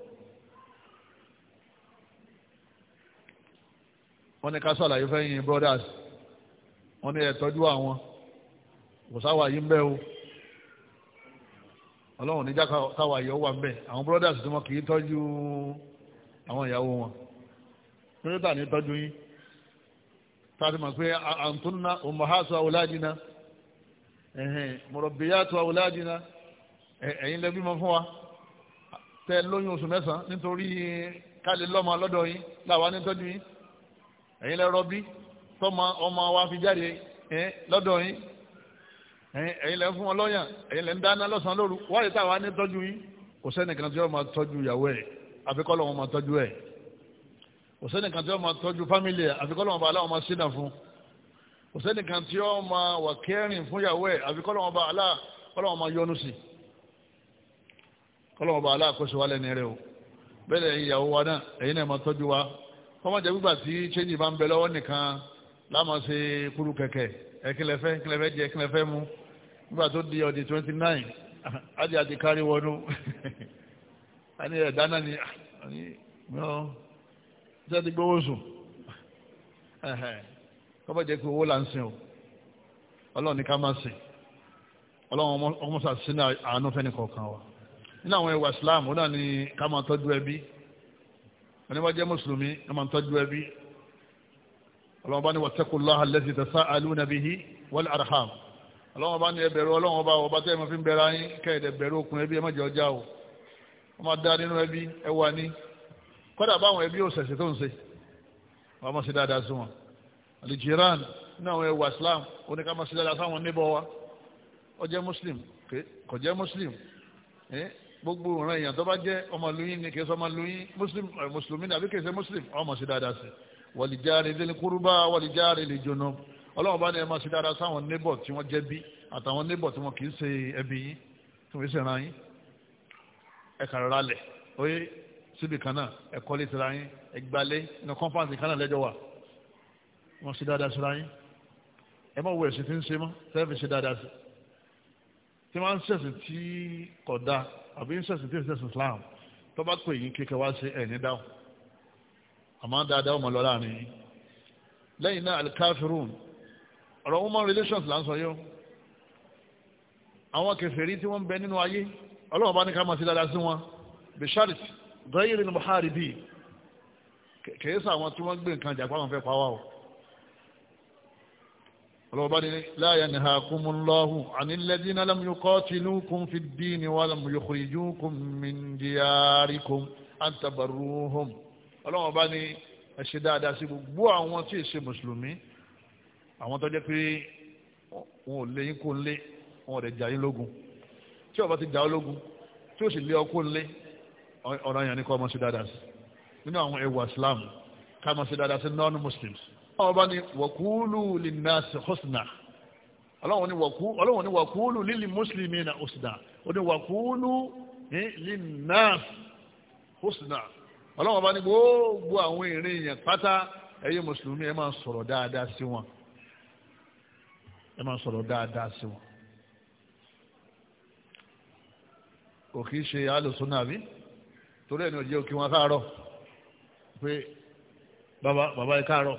wọ́n ní ká sàlàyé fẹ́yìn brothers wọ́n ní ẹ tọ́jú àwọn kò sáwà yìí ń bẹ́ o ọlọ́run níjà káwà yìí ó wà ń àwọn brothers tí wọ́n kì í tọ́jú àwọn ìyàwó wọn pírítà ní tọ́jú yín tá a ti mọ̀ pé àǹtúnná òmùhásọ ọ̀làjìnà mọ̀rọ̀bìyàtọ̀ awladina ẹ̀yin lẹ bímọ fún wa tẹ lóyún oṣù mẹ́sàn-án nítorí kálí lọ́mọ lọ́dọ̀ yín làwa nítọ́jú yín ẹ̀yin lẹ rọbí tọ́mọ ọmọ wa fi jáde lọ́dọ̀ yín ẹ̀yin lẹ fún wọn lọ́yàn ẹ̀yin lẹ ń dáná lọ́sàn-án lóru wáyé táwa nítọ́jú yín kò sẹ́nìkan tí wọ́n máa tọ́jú ìyàwó ẹ̀ àfikọ́lọ́ wọn máa tọ́jú ẹ̀ kò sẹ́nìkan tí wọ́n máa tọ́jú fámìlì ẹ̀ àfikọ́lọ́ máa kò sẹ́nìkan tí ó máa wà kẹ́rin fún ìyàwó ẹ̀ àbí kọ́lọ́wọ́n bá aláà kọ́lọ́wọ́n máa yọnu sí kọ́lọ́wọ́n bá aláà kó sí wa lẹ́ni rẹ̀ o bẹ́ẹ̀ lẹ́yìn ìyàwó wa náà ẹ̀yin náà máa tọ́jú wa kọ́mọ jẹ́ gbígbà tí chéjì bá ń bẹ lọ́wọ́ nìkan láàmú ṣe kúrú kẹ̀kẹ́ ẹ̀kínlẹ̀fẹ́ ẹ̀kínlẹ̀fẹ́ jẹ ẹ̀kínlẹ̀fẹ́ mu nígbà tó di ọ̀dì twenty nine adi adi kárí wọnú ẹni ẹ̀dá náà ni ẹni gbọ́wọ́ sùn kọ́ bá jẹ́ pé owó là ń sìn o ọlọ́run ní ká máa sìn ọlọ́run ọmọọ̀sà sínú àánú fẹ́ni kọ̀ọ̀kan wa nínú àwọn ẹwà islam ó náà ní ká máa tọ́jú ẹbí ẹni mùsùlùmí ká máa tọ́jú ẹbí ọlọ́run bá ní wattaqullaha allazi tasa'aluna bihi wal arham ọlọ́run bá ní ẹbẹ̀rù ọlọ́run bá ọba tẹ́ ẹ máa fi ń bẹ̀rẹ̀ ayín kẹ́ẹ̀dẹ̀ bẹ̀rù okùn ẹbí ẹ má jẹ́ ọjà o alijiran náà wọ́n ẹwà islam oníkàmá sí dáadáa sáwọn níbọ̀ wa ó jẹ́ muslim kò jẹ́ muslim gbogbo ọ̀ràn èèyàn tó bá jẹ́ ọmọ lóyún ni kìí sọ ọmọ lóyún muslim mùsùlùmí àbí kìí ṣe muslim ọmọ sí dáadáa sí wàlìjáre délé kúrúbá wàlìjáre lè jóná ọlọ́run bá ní ẹ máa sí dáadáa sáwọn níbọ̀ tí wọ́n jẹ́ bí àtàwọn níbọ̀ tí wọ́n kìí ṣe ẹbí yín tí wọ́n ṣe ran yín ẹ̀ka rẹ̀ ralẹ̀ oyé síbi kan náà ẹ̀kọ́lé tira yín ẹgbàlé ní kọ́ńfàǹsì kan náà lẹ́jọ́ wà wọ́n ṣe dáadáa síra yín ẹ má wọ ẹ̀sìn tí ń ṣe mọ́ tẹ́lifí ṣe dáadáa sí tí wọ́n ń ṣẹ̀sìn tí kò da àbí ń ṣẹ̀sìn tí ń ṣẹ̀sìn Islam tó bá pè yín kékeré wá sí ẹ̀ ní dáhùn àmọ́ dáadáa ọmọ lọ láàrin yín lẹ́yìn náà alikafirun ọ̀rọ̀ human relations là ń sọ yóò àwọn kèfèrí tí wọ́n ń bẹ nínú ayé ọlọ́wọ́ bá ní ká máa ṣe dáadáa sí wọn bisharit gayiri ni ọlọ́ọ̀bá ni la yanhakumullahu anil ladhina lam yuqatilukum fid dini wa lam yukhrijukum min diyarikum an tabarruhum ọlọ́ọ̀bá ni ẹ ṣe dáadáa sí gbogbo àwọn tí ì ṣe mùsùlùmí àwọn tó jẹ́ pé wọn ò lé yín kó lé wọn ò lè jà yín lógun tí ó ti jà ọ́ lógun tí ó sì lé ọkó lé ọ̀ranyàn ni kó máa ṣe dáadáa sí nínú àwọn ẹwà Islam ká máa ṣe dáadáa sí non-Muslims ọba ni wàkúlù lìnàṣì hosnà ọlọ́wọ́n ni wàkúlù lílì mùsùlùmí na hosnà ó ní wàkúlù lìnàṣì hosnà ọlọ́wọ́n bá ní gbogbo àwọn ìrìn èèyàn pátá ẹ̀yin mùsùlùmí ẹ máa sọ̀rọ̀ dáadáa sí wọn ẹ máa sọ̀rọ̀ dáadáa sí wọn kò kí ṣe alùsùn àbí torí ẹni ò jẹ́ òkè wọn káàárọ̀ pé bàbá bàbá káàárọ̀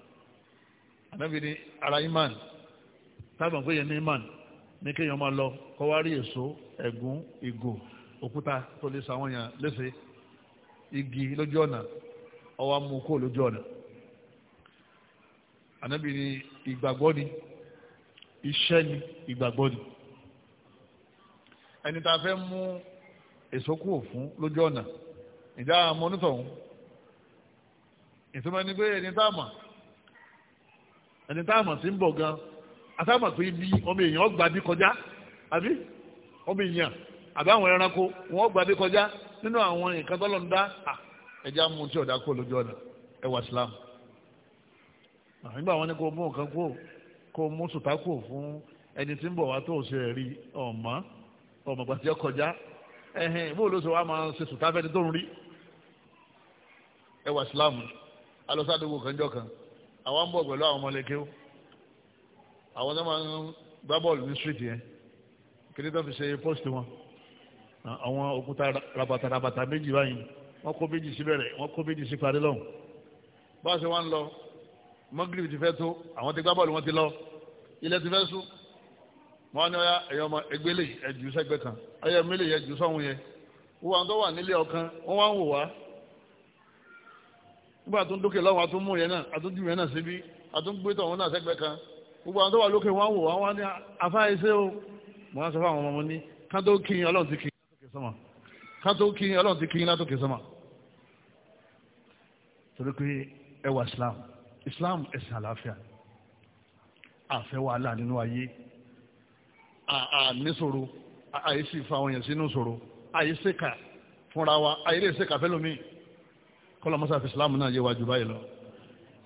ànábì ní ara imán tábà pé yẹn ní imán ní kéèyàn máa lọ kọ́ wá rí èso ẹ̀gún ìgò òkúta tó lè sa àwọn èèyàn léṣe igi lójú ọ̀nà ọwọ́ amú kó lójú ọ̀nà ànábì ní ìgbàgbọ́ ni iṣẹ́ ni ìgbàgbọ́ ni ẹni tá a fẹ́ mú èso kúrò fún lójú ọ̀nà ìdá àmọ́ onítọ̀hún ìtumọ̀ ẹni pé ẹni tá a mọ̀ ẹni tá a mọ̀ sí ń bọ̀ gan àtàmọ̀ pé ibi ọmọ èèyàn ọgbà bí kọjá àbí ọmọ èèyàn àbí àwọn ẹranko wọn ọgbà bí kọjá nínú àwọn nǹkan tó lọ́n dá ẹja mú tí ọ̀dà kó lójú ẹ wà nígbà wọn ni kò mú nǹkan fún ẹni tí ń bọ̀ wá tó ṣe rí kọjá bó ló sọ máa ṣe sùtá fẹ́ni tó ń rí ẹ wà alọ́sàdúgbò kanjọ́ kan. àwọn ń bọ̀ pẹ̀lú àwọn ọmọlẹ́kẹ́ àwọn tó máa ń gbá bọ́ọ̀lù ní street yẹn kí ni tó fi ṣe post wọn àwọn òkúta rabata rabata méjì báyìí wọ́n kó méjì sí bẹ̀rẹ̀ wọ́n kó méjì sí parí lọ́hùn bá a ṣe wá ń lọ mọ́gìlì ti fẹ́ tó àwọn ti gbá bọ́ọ̀lù wọn ti lọ ilẹ̀ ti fẹ́ sùn wọ́n ní ọ̀yà ẹ̀yọ́ ọmọ ẹgbẹ́lẹ̀ ẹ̀jù sẹ́gbẹ̀tàn ọ̀yà ẹ̀mẹ́lẹ̀ ẹ̀jù sọ́hun yẹn wọ́n wà nílé ọ̀kan wọ́n wá ń wò wá nígbà tó ń dókè lọ́wọ́ àtúnmú yẹn náà àtúnjú yẹn náà síbí àtúngbé tọ̀hún náà sẹ́gbẹ́ kan gbogbo àwọn tó wà lókè wọn wò wọn ní afáyẹsẹ́ o mo sọ fáwọn ọmọ ní ká tó kí ọlọ́run ti kí látòkè sọ́mà ká tó kí ọlọ́run ti kí látòkè sọ́mà torí pé ẹwà Islam Islam ẹ̀sìn àlàáfíà àfẹ́ wàhálà nínú ayé àníṣòro àyè sì fa àwọn èèyàn sínú ṣòro àyè ṣèkà fúnra wa àyè lè ṣèkà fẹ́lómi kọ́lọ̀ mọ́sá fi islam náà yé wa jù báyìí lọ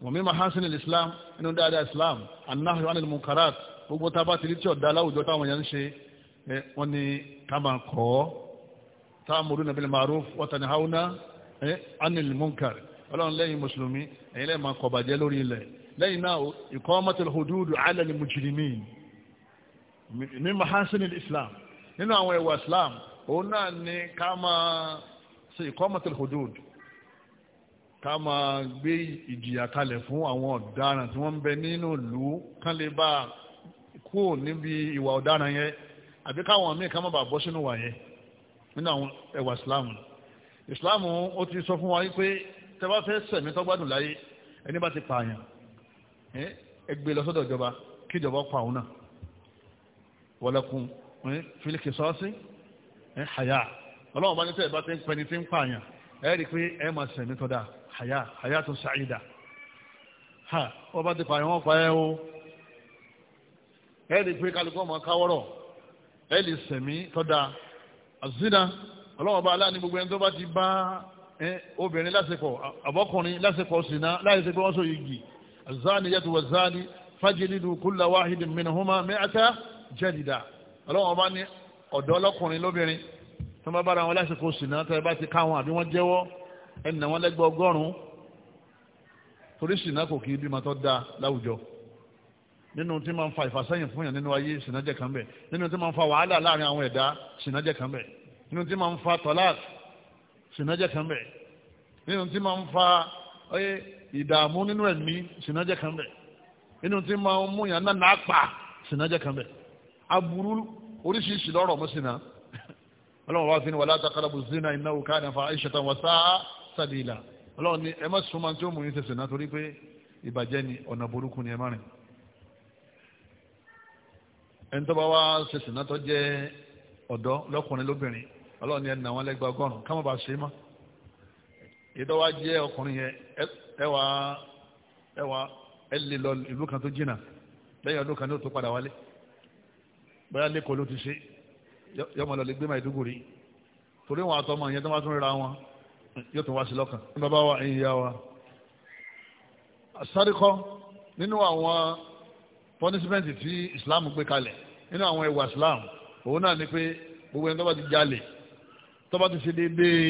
wọ́n mímọ̀ hansen islam inú dáadáa islam anáhùn anil munkarat gbogbo tá a bá ti rí tí ọ̀dá láwùjọ táwọn yẹn ń ṣe wọ́n ní ká máa kọ́ ọ́ tá a mọ̀rún nàbí maruf wa tanhauna anil munkar ọlọ́run lẹ́yìn mùsùlùmí ẹ̀yin lẹ́yìn máa kọ̀ bàjẹ́ lórí ilẹ̀ lẹ́yìn náà iqamatul hudud ala al mujrimin mímọ̀ hansen islam nínú àwọn ẹ̀wà islam òun náà ní ká máa ṣe iqamatul hudud ká máa gbé ìjìyà kalẹ̀ fún àwọn ọ̀daràn tí wọ́n ń bẹ nínú ìlú kán lè bá kú níbi ìwà ọ̀daràn yẹn àbí káwọn míì ká má bàa bọ́ sínú wà yẹn nínú àwọn ẹwà ìsìláàmù ìsìláàmù ó ti sọ fún wa pé tẹ́ bá fẹ́ sẹ̀mí tọ́gbádùn láyé ẹni bá ti pààyàn ẹgbẹ́ lọ sọ́dọ̀ ìjọba kí ìjọba pa òun náà wọlẹ́kùn fílíkì sọ́ọ́sì ẹ̀hàyà ọlọ́run bá ní tẹ́ bá ti ń pẹni tí ń pààyàn ẹ rí i pé ẹ máa sẹ̀mí tọ́ dáa àyà àyà tó ṣàìdà ha wọ́n bá ti pààyàn wọ́n pa ẹ́ o ẹ́ lè pé kálukú ọmọ káwọ́rọ̀ ẹ́ lè sẹ̀mí tọ́da àzínà ọlọ́wọ́n bá aláàánú gbogbo ẹni tó bá ti bá obìnrin lásìkò àbọ́kùnrin lásìkò sínà láìsí pé wọ́n sọ igi azaniyatu wa zani fájìlìdù kúlà wáhìdì mìnàhúnmá mẹ́ta jẹ́dìdà ọlọ́wọ́n bá ní ọ̀dọ́ ọlọ́kùnrin lóbìnrin tó bá bára wọn lásìkò sínà tó bá ti káwọn àbí wọ́n jẹ́wọ́ ẹni náà wọ́n lẹ́gbẹ́ ọgọ́rùn-ún torí sìnà kò kì í bímọ tó dáa láwùjọ nínú tí máa ń fa ìfàsẹ́yìn fún yàn nínú ayé sìnàjẹ́ kan bẹ̀ nínú tí máa ń fa wàhálà láàrin àwọn ẹ̀dá sìnàjẹ́ kan bẹ̀ nínú tí máa ń fa tọ́lák sìnàjẹ́ kan bẹ̀ nínú tí máa ń fa ìdààmú nínú ẹ̀mí sìnàjẹ́ kan bẹ̀ nínú tí máa ń mú yàn náà náà pa sìnàjẹ́ kan bẹ̀ aburú oríṣiríṣi lọ́rọ̀ mọ́ sínà ọlọ́run wá fi ni wàlá takarabu zina innahu kana fa'ishatan wa sa'a sabila ọlọ́run ní ẹ má súnmọ́ tí ó mú yín ṣẹ̀ṣẹ̀ náà torí pé ìbàjẹ́ ni ọ̀nà burúkú ni ẹ má rìn ẹni tó bá wá ṣẹ̀ṣẹ̀ náà tó jẹ́ ọ̀dọ́ lọ́kùnrin lóbìnrin ọlọ́run ní ẹ nà wọ́n lẹ́gbàá ọgọ́rùn-ún ká ṣe é mọ́ ìdọ́ wa jẹ́ ọkùnrin yẹn ẹ wá ẹ wá ẹ lè lọ ìlú kan tó jìnnà lẹ́yìn ọdún kan ní òtún padà wálé bóyá lẹ́kọ̀ọ́ ló ti ṣe yọmọ lọ lè gbé máa ìdúgbò rí torí wọn àtọmọ yẹn tó bá tún ríra wọn yóò tún wá sí lọ́kàn. ní bàbá wa ẹ̀yìn ìyá wa àsárikọ́ nínú àwọn pọ́nísímẹ́ǹtì tí Islam gbé kalẹ̀ nínú àwọn ẹwà Islam òun náà ni pé gbogbo ẹni tó bá ti jalè tó bá ti ṣe déédéé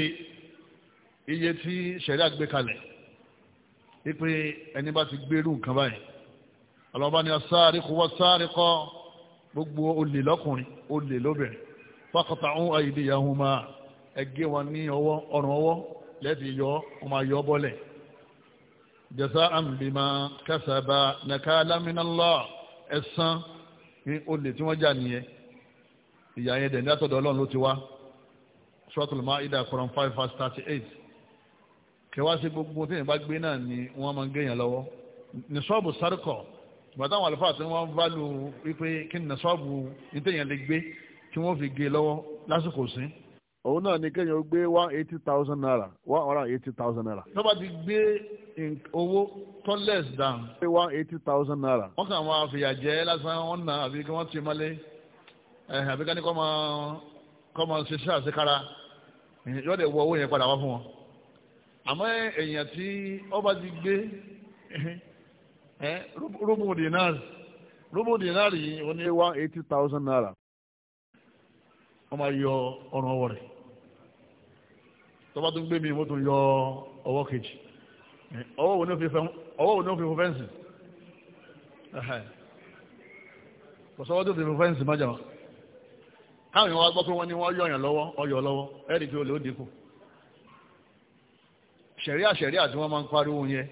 iye tí ṣẹ̀ríà gbé kalẹ̀ wípé ẹni bá ti gbérù nǹkan báyìí ọlọ́ba ni asárikọ́ wọ́n sárikọ́ gbogbo olè lọ́kùnrin olè lóbìnrin faqta'u aydiyahuma ẹgẹ́ wọn ní ọwọ́ ọrùn ọwọ́ lẹ́ẹ̀fi yọ wọ́n máa yọ bọ́lẹ̀ jaza'an bima kasaba nakala minallah ẹ̀sán ní olè tí wọ́n jà nìyẹn ìyá yẹn dẹ̀ ní àtọ̀dọ̀ ọlọ́run ló ti wá suratul maida from five verse thirty eight kẹwàá sí gbogbo tí yẹn bá gbé náà ni wọ́n máa ń gé lọ́wọ́ ní sọ́ọ̀bù sárkọ̀ bàtà àwọn àlùfáà tí wọ́n bá lu wípé kí ni sọ́ọ̀bù ní òun náà ni kéèyàn gbé one eighty thousand naira one hundred and eighty thousand naira. tó bá ti gbé owó tó less than. gbé one eighty thousand naira. wọ́n kàn máa fìyà jẹ lásán wọn nà àbí kí wọ́n ti mọ́lé àbí ká ní kọ́ máa kọ́ máa ṣe ṣáà sí kára yóò lè wọ owó yẹn padà wá fún wọn. àmọ́ èèyàn tí ó bá ti gbé rúbù dínárì rúbù dínárì yìí ó ní one eighty thousand naira. wọ́n máa yọ ọ̀ràn ọwọ́ tọ́ba tó ń gbé mi wọ́n tó yọ ọwọ́ kejì ọwọ́ wo ni ó fi fún fẹ́ǹsì kọ̀sọ́wọ́ tó fi fún fẹ́ǹsì mọ́jà wọn káwọn èèyàn wá gbọ́ pé wọ́n ní wọ́n yọ̀yàn lọ́wọ́ ọyọ̀ lọ́wọ́ ẹ̀rì tí ó lè ó dínkù ṣẹ̀ríà ṣẹ̀ríà tí wọ́n máa ń pariwo yẹn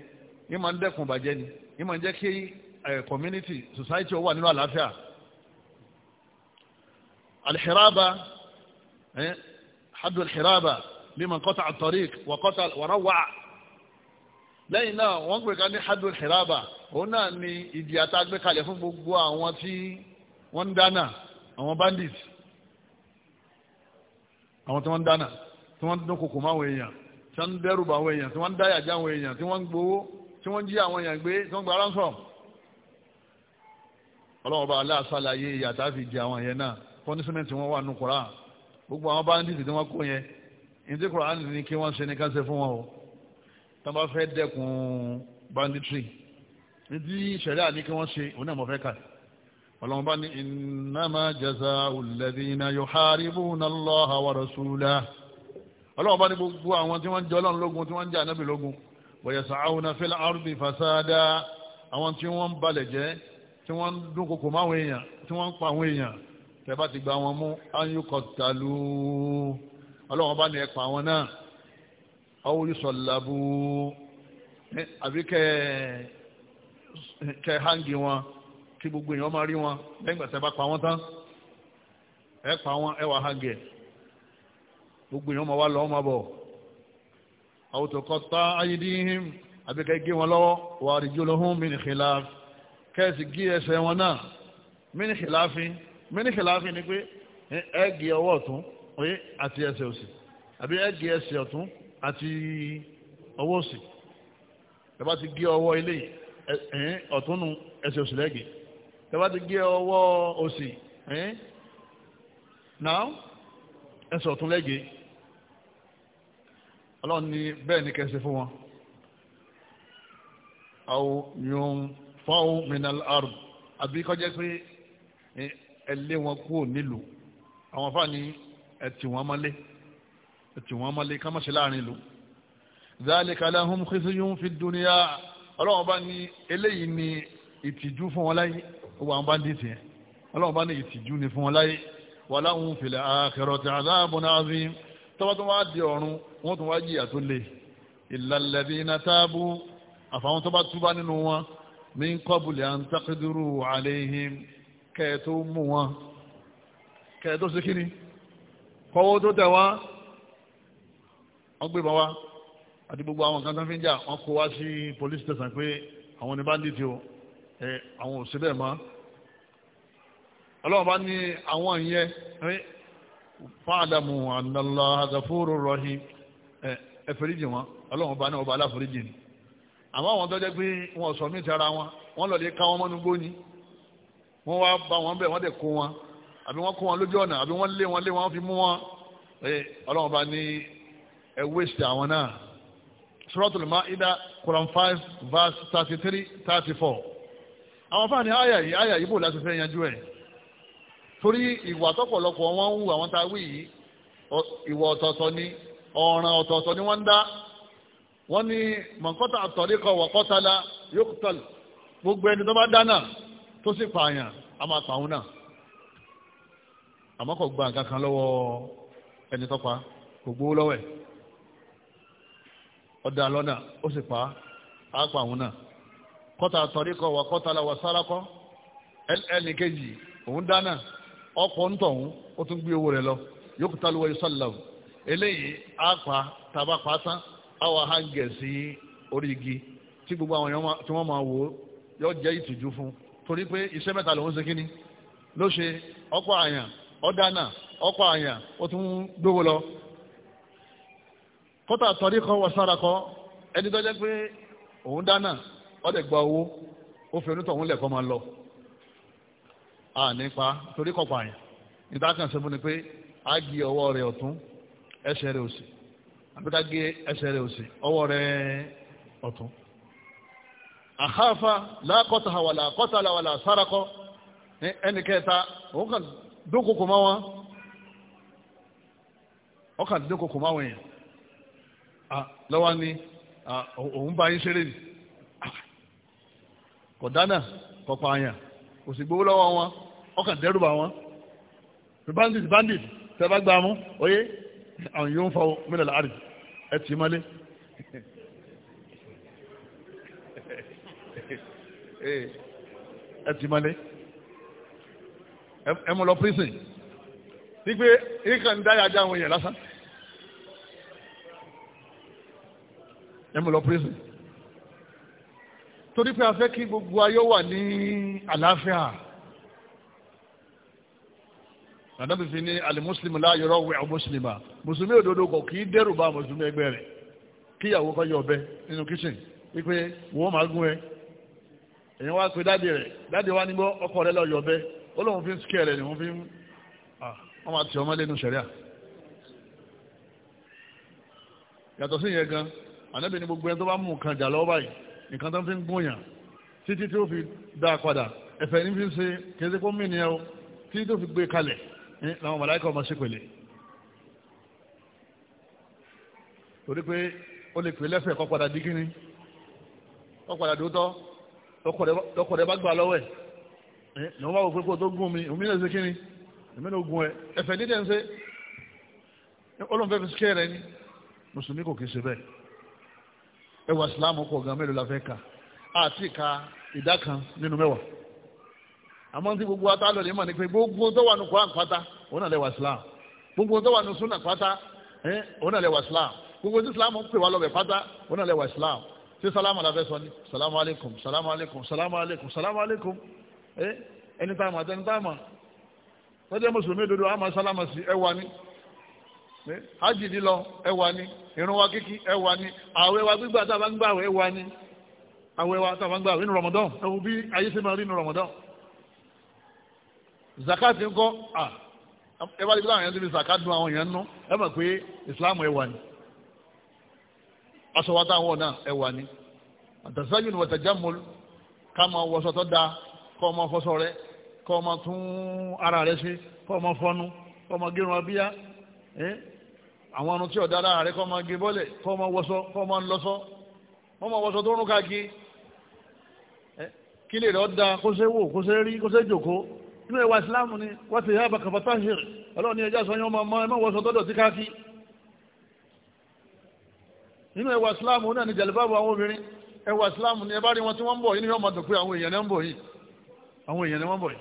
ní máa ń dẹ́kun bàjẹ́ ni ní máa ń jẹ́ kí eh, community society ó wà nínú àlàáfíà alìṣẹ́rábà hadul ṣẹ́rábà liman qata'a at-tariq wa qata'a wa rawa' lẹ́yìn náà wọ́n pè ká ní hadul hiraba òun náà ni ìdí àtàgbé kalẹ̀ fún gbogbo àwọn tí wọ́n ń dáná àwọn bandits àwọn tí wọ́n ń dáná tí wọ́n ń dún kòkò máwọn èèyàn tí wọ́n ń dẹ́rù bá àwọn èèyàn tí wọ́n ń dáyà já àwọn èèyàn tí wọ́n ń gbowó tí wọ́n ń jí àwọn èèyàn gbé tí wọ́n gba ransom ọlọ́wọ́ bá aláà sálàyé ìyàtà fi jẹ àwọn yẹn náà punishment wọn wà nù gbogbo àwọn bandits tí wọ́n kó yẹn ìdí kùránì ní kí wọ́n ṣe ní káṣẹ́ fún wọn o tó bá fẹ́ dẹ́kun banditry ìdí ṣẹ̀ríà ní kí wọ́n ṣe òun náà mọ̀ fẹ́ kà ọlọ́run bá ní innama jazaa'ul ladhina yuharibuna Allaha wa rasulahu ọlọ́run bá ní gbogbo àwọn tí wọ́n jẹ́ ọlọ́run lógun tí wọ́n jẹ́ ànábì lógun wa yas'awna fil ardi fasada àwọn tí wọ́n ń balẹ̀ tí wọ́n ń dúnkokò máwọn èèyàn tí wọ́n pa àwọn èèyàn tẹ́ bá ti gba wọn mú an yuqattalu ọlọ́wọ́n bá ní ẹ̀pà àwọn náà ọwọ́ yìí sọ̀làbù àbí kẹ́ hangi wọn kí gbogbo èèyàn máa rí wọn lẹ́yìn gbàtẹ́ bá pa wọ́n tán ẹ̀pà wọn ẹwà hangi ẹ̀ gbogbo èèyàn máa wá lọ́wọ́ máa bọ̀ àwọn tó kọ́ tá ayédíhìn àbí kẹ́ gé wọn lọ́wọ́ wà á rìjọ́ lọ́hún min khilaf kẹ́ẹ̀sì gé ẹsẹ̀ wọn náà min khilafi min khilafi ni pé ẹ gé ọwọ́ ọ̀tún Oye àti ẹsẹ̀ òsì àbí ẹgì ẹsẹ̀ ọ̀tún àti ọwọ́ òsì tẹ́bá ti gé ọwọ́ ilé ẹ̀yìn ọ̀tún nu ẹsẹ̀ òsì lẹ́gì tẹ́bá ti gé ọwọ́ òsì ẹ̀yìn náà ẹsẹ̀ ọ̀tún lẹ́gì ọlọ́run ni bẹ́ẹ̀ ni kẹsẹ̀ fún wọn àwọn yòó fáwọn mìíràn àrùn àbí kọjá pé ẹlé wọn kúrò nílùú àwọn afáàní ẹ tì wọ́n mọ́lé ẹ tì wọ́n mọ́lé ká má ṣe láàrin ìlú zalika lahum khizyun fid dunya ọlọ́run bá ní eléyìí ní ìtìjú fún wọn láyé gbogbo àwọn bá ń dín tiẹ̀ ọlọ́run bá ní ìtìjú ní fún wọn láyé wa lahum fil akhirati adhabun azim tọ́wọ́ tó wá di ọ̀run wọ́n tó wá jìyà tó le illa alladhina tabu àfàwọn tó bá túbá nínú wọn min qabli an taqdiru alayhim tó mú wọn kẹ́ẹ̀ tó ṣe kíni kọ́wọ́ tó tẹ̀ wọ́n wọ́n gbé bọ́n wá àti gbogbo àwọn kan tó fi ń jà wọ́n kó wá sí police station pé àwọn ní bandit o ẹ àwọn ò sí bẹ́ẹ̀ mọ́ ọlọ́run bá ní àwọn yẹn fáàdàmù ànàlá àgàfóró rọ̀hìn ẹ ẹ fẹ́ríjì wọn ọlọ́run bá ní ọba aláforíjì ni àmọ́ àwọn tó jẹ́ pé wọn sọ mí ti ara wọn wọ́n lọ lè ká wọn mọ́nú gbóni wọ́n wá bá wọn bẹ́ẹ̀ wọ́n dẹ̀ kó wọn àbí wọ́n kó wọn lójú ọ̀nà àbí wọ́n lé wọn lé wọn fi mú wọn ọlọ́run bá ní ẹ wéṣẹ̀ àwọn náà Suratul Ma'idah Quran five verse thirty three thirty four àwọn fáàní àyà yìí àyà yìí bò láti fẹ́ yanjú ẹ̀ torí ìwà tọ́pọ̀lọpọ̀ wọn ń hu àwọn tá a wí yìí ìwà ọ̀tọ̀ọ̀tọ̀ ni ọ̀ràn ọ̀tọ̀ọ̀tọ̀ ni wọ́n ń dá wọ́n ní mọ̀nkọ́tà àtọ̀ríkọ̀ wọ̀kọ́tàlá yóò gbogbo ẹni tó bá dáná tó sì pààyàn a máa pààrùn náà àmọ́ kò gba nǹkan kan lọ́wọ́ ẹni tó kò gbowó lọ́wọ́ ẹ̀ ọ̀dà lọ́nà ó sì pa á pa àwọn náà kọ́ta àtọ̀ríkọ̀ wà kọ́ta làwà sárakọ́ ẹnì kejì òun dáná ọkọ̀ ń ó tún gbé owó rẹ lọ yókù eléyìí á pa tàbá pa yọ jẹ́ ìtìjú fún torí pé iṣẹ́ mẹ́ta lòún ṣe ló ọ ọ̀pọ̀ anya, ó tún gbówó Kọta kọ́tà tọ́rí kọ́ ẹni tó pé òun gba owó ó fi onítọ̀ òun lẹ̀kọ́ máa lọ a nípa torí kọ́ pààyàn níta kan fún pé a gé ọwọ́ rẹ̀ ọ̀tún ẹsẹ̀ òsì gé ẹsẹ̀ òsì ọwọ́ ọ̀tún àháfa làákọ́tà wàlà làwàlà sárakọ́ ẹnì kẹta òun dókòkò máa wọn ọkà dókòkò máa wọn yẹn lọ́wọ́ ni òun bá yín ṣeré ni kò dáná kò pààyàn kò sì gbowó lọ́wọ́ wọn ọkà dẹ́rù bá wọn bandit bandit tẹ́ bá gbà mú oyé àwọn yóò ń fa mílẹ̀ láàrin ẹ tì í mọ́lé. ẹ tì í mọ́lé. ẹ mú lọ prison wípé nǹkan dáyà já àwọn èèyàn lásán ẹ mú lọ prison torí pé a fẹ́ kí gbogbo ayé wà ní àlàáfíà nàdàbí fi ní alimuslimu láyọrọ wẹ ọmọsílìmà mùsùlùmí òdodo kò kì í dẹ́rù bá mùsùlùmí ẹgbẹ́ rẹ̀ kíyàwó kọ́ yọ ọbẹ̀ nínú kitchen wípé wọ́n máa gún ẹ èyàn wá pé ọkọ rẹ lọ yọ ó lóun fi ń sikẹ́ rẹ̀ ni wọ́n fi ń ah, wọ́n máa tì ọmọ lẹ́nu sẹ̀ríà yàtọ̀ sí ìyẹn gan ànábì ni gbogbo ẹni tó bá mú nǹkan jà lọ́wọ́ báyìí nǹkan tó ń fi ń gbóyàn títí tí ó fi dá a padà ẹ̀fẹ̀ ní fi ń se kéde kó mí nìyẹn o títí tó fi gbé e kalẹ̀ ní làwọn màláìka ọmọ sí pèlè torí pé ó lè pè lẹ́fẹ̀ẹ́ kọ́ padà dí kíní kọ́ padà dótọ́ lọ́kọ̀ọ́dẹ́ bá gbà lọ́wọ́ ẹ̀ ní wọ́n bá wò pé kó tó gún mi òmí náà ṣe kí ni èmi náà gún ẹ ẹ̀fẹ̀ dídẹ̀ ń ṣe olóńfẹ́ fi ṣe rẹ ni mùsùlùmí kò kì í ṣe bẹ́ẹ̀ ẹ wà sílámù pọ̀ gan mélòó la fẹ́ ka àti ka ìdá kan nínú mẹ́wàá àmọ́ tí gbogbo ata lọ́lẹ̀ mọ̀ ní pé gbogbo tó wà ní Quran pátá òun náà lẹ́wà Islam gbogbo tó wà ní sunna pátá eh, òun náà lẹ́wà Islam gbogbo tí Islam ń pè wá lọ́bẹ̀ pátá òun náà lẹ́wà Islam ṣé sálámù aláfẹ́ sọ ni sálámù alaikum sálámù alaikum sálámù alaikum sálámù alaikum. Eh, ẹni tá a mọ̀ àti ẹni tá a mọ̀ tọ́jú mùsùlùmí dodo àmọ́ sálámà sí ẹwà ni eh, hajj lílọ ẹwà ni irun wa kíkí ẹwà ni àwẹ̀ wa gbígbà tá a bá ń gbà ẹwà ni àwẹ̀ wa tá a bá ń gbà nínú Ramadan ẹwù bí ayé ṣe máa rí nínú Ramadan zakati ńkọ́ à ẹ bá ti bí láwọn yẹn ti fi zakat dun àwọn yẹn nú ẹ mọ̀ pé Islam ẹwà ni aṣọ wa táwọn náà ẹwà ni àtàzáyìn wọ̀tàjámọ́l ká máa wọṣọ tó dáa kọ́ ọmọ fọṣọ rẹ kọ́ ọmọ tún ara rẹ ṣe kọ́ ọmọ fọnu kọ́ ọmọ gírun abíyá àwọn ọ̀nà tí ọ̀dá ara rẹ kọ́ ọmọ gé bọ́lẹ̀ kọ́ ọmọ wọṣọ kọ́ ọmọ ńlọṣọ kọ́ ọmọ wọṣọ tó rún káàkiri kí lè rọ da kó ṣe wò kó ṣe rí kó ṣe jòkó inú ẹwà ìsìláàmù ni wọ́n ti yá àbàkàfà táhìr ọlọ́run ní ẹjá sọ yán ọmọ ẹmọ́ wọ́sọ tọ́dọ̀ tí káàkiri nínú ẹwà ìsìláàmù náà ni jàlùbáàbù àwọn obìnrin ẹwà ìsìláàmù ni ẹbá rí wọn tí wọ́n ń bọ̀ yìí ni yọ́ mọ̀ tó àwọn èèyàn náà ń bọ̀ yìí àwọn èèyàn ni wọ́n bọ̀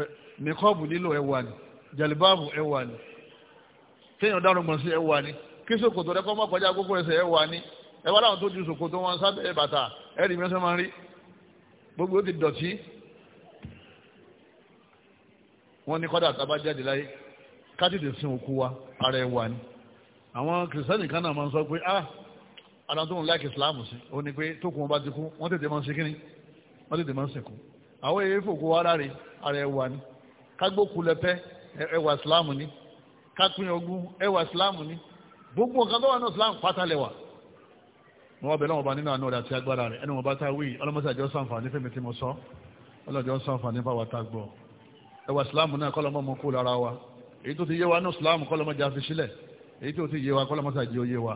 yìí mẹ́kọ́ọ̀bù lílo ẹwà ni jàlíbáàbù ẹwà ni kéèyàn dárò gbọ̀n sí ẹwà ni kí sòkòtò rẹ kọ́ mọ́ kọjá gbogbo ẹsẹ̀ ẹwà ni ẹwà láwọn tó ju sòkòtò wọn sábẹ́ bàtà ẹ̀rì mẹ́sàn máa ń rí gbogbo ti dọ̀tí wọ́n ní kọ́dà tábà láyé ká tètè sin òkú wa ara ẹwà ni àwọn kìrìsìtẹ́nì kan náà máa ń sọ pé ah ara tó ń láìkì islam sí ó ní pé tó ọba ti kú wọ́n tètè máa ń ṣe kíni wọ́n tètè máa ń sìnkú àwọn èyí fòkó ara rẹ̀ ara ẹwà ni kágbókù lẹ́pẹ́ ẹwà islam ni kápín ogún ẹwà islam ni gbogbo nǹkan tó wà ní islam pátálẹ̀wà wọ́n wá bẹ̀rẹ̀ wọn bá nínú àná ọ̀dà àti agbára rẹ̀ ẹni wọn bá tá wíì ọlọ́mọsí àjọ sàǹfààní fẹ́mi tí mo sọ ọlọ́jọ́ sàǹfààní bá wa ta gbọ́ ẹwà islam náà kọ́lọ́mọ́ mọ kó lára wa èyí tó ti yé wa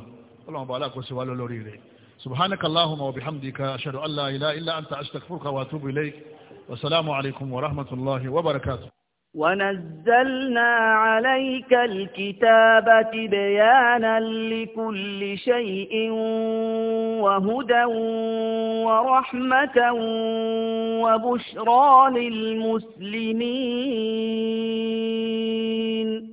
اللهم بارك وسوال الأوريد سبحانك اللهم وبحمدك أشهد أن لا إله إلا أنت أستغفرك وأتوب إليك والسلام عليكم ورحمة الله وبركاته ونزلنا عليك الكتاب بيانا لكل شيء وهدى ورحمة وبشرى للمسلمين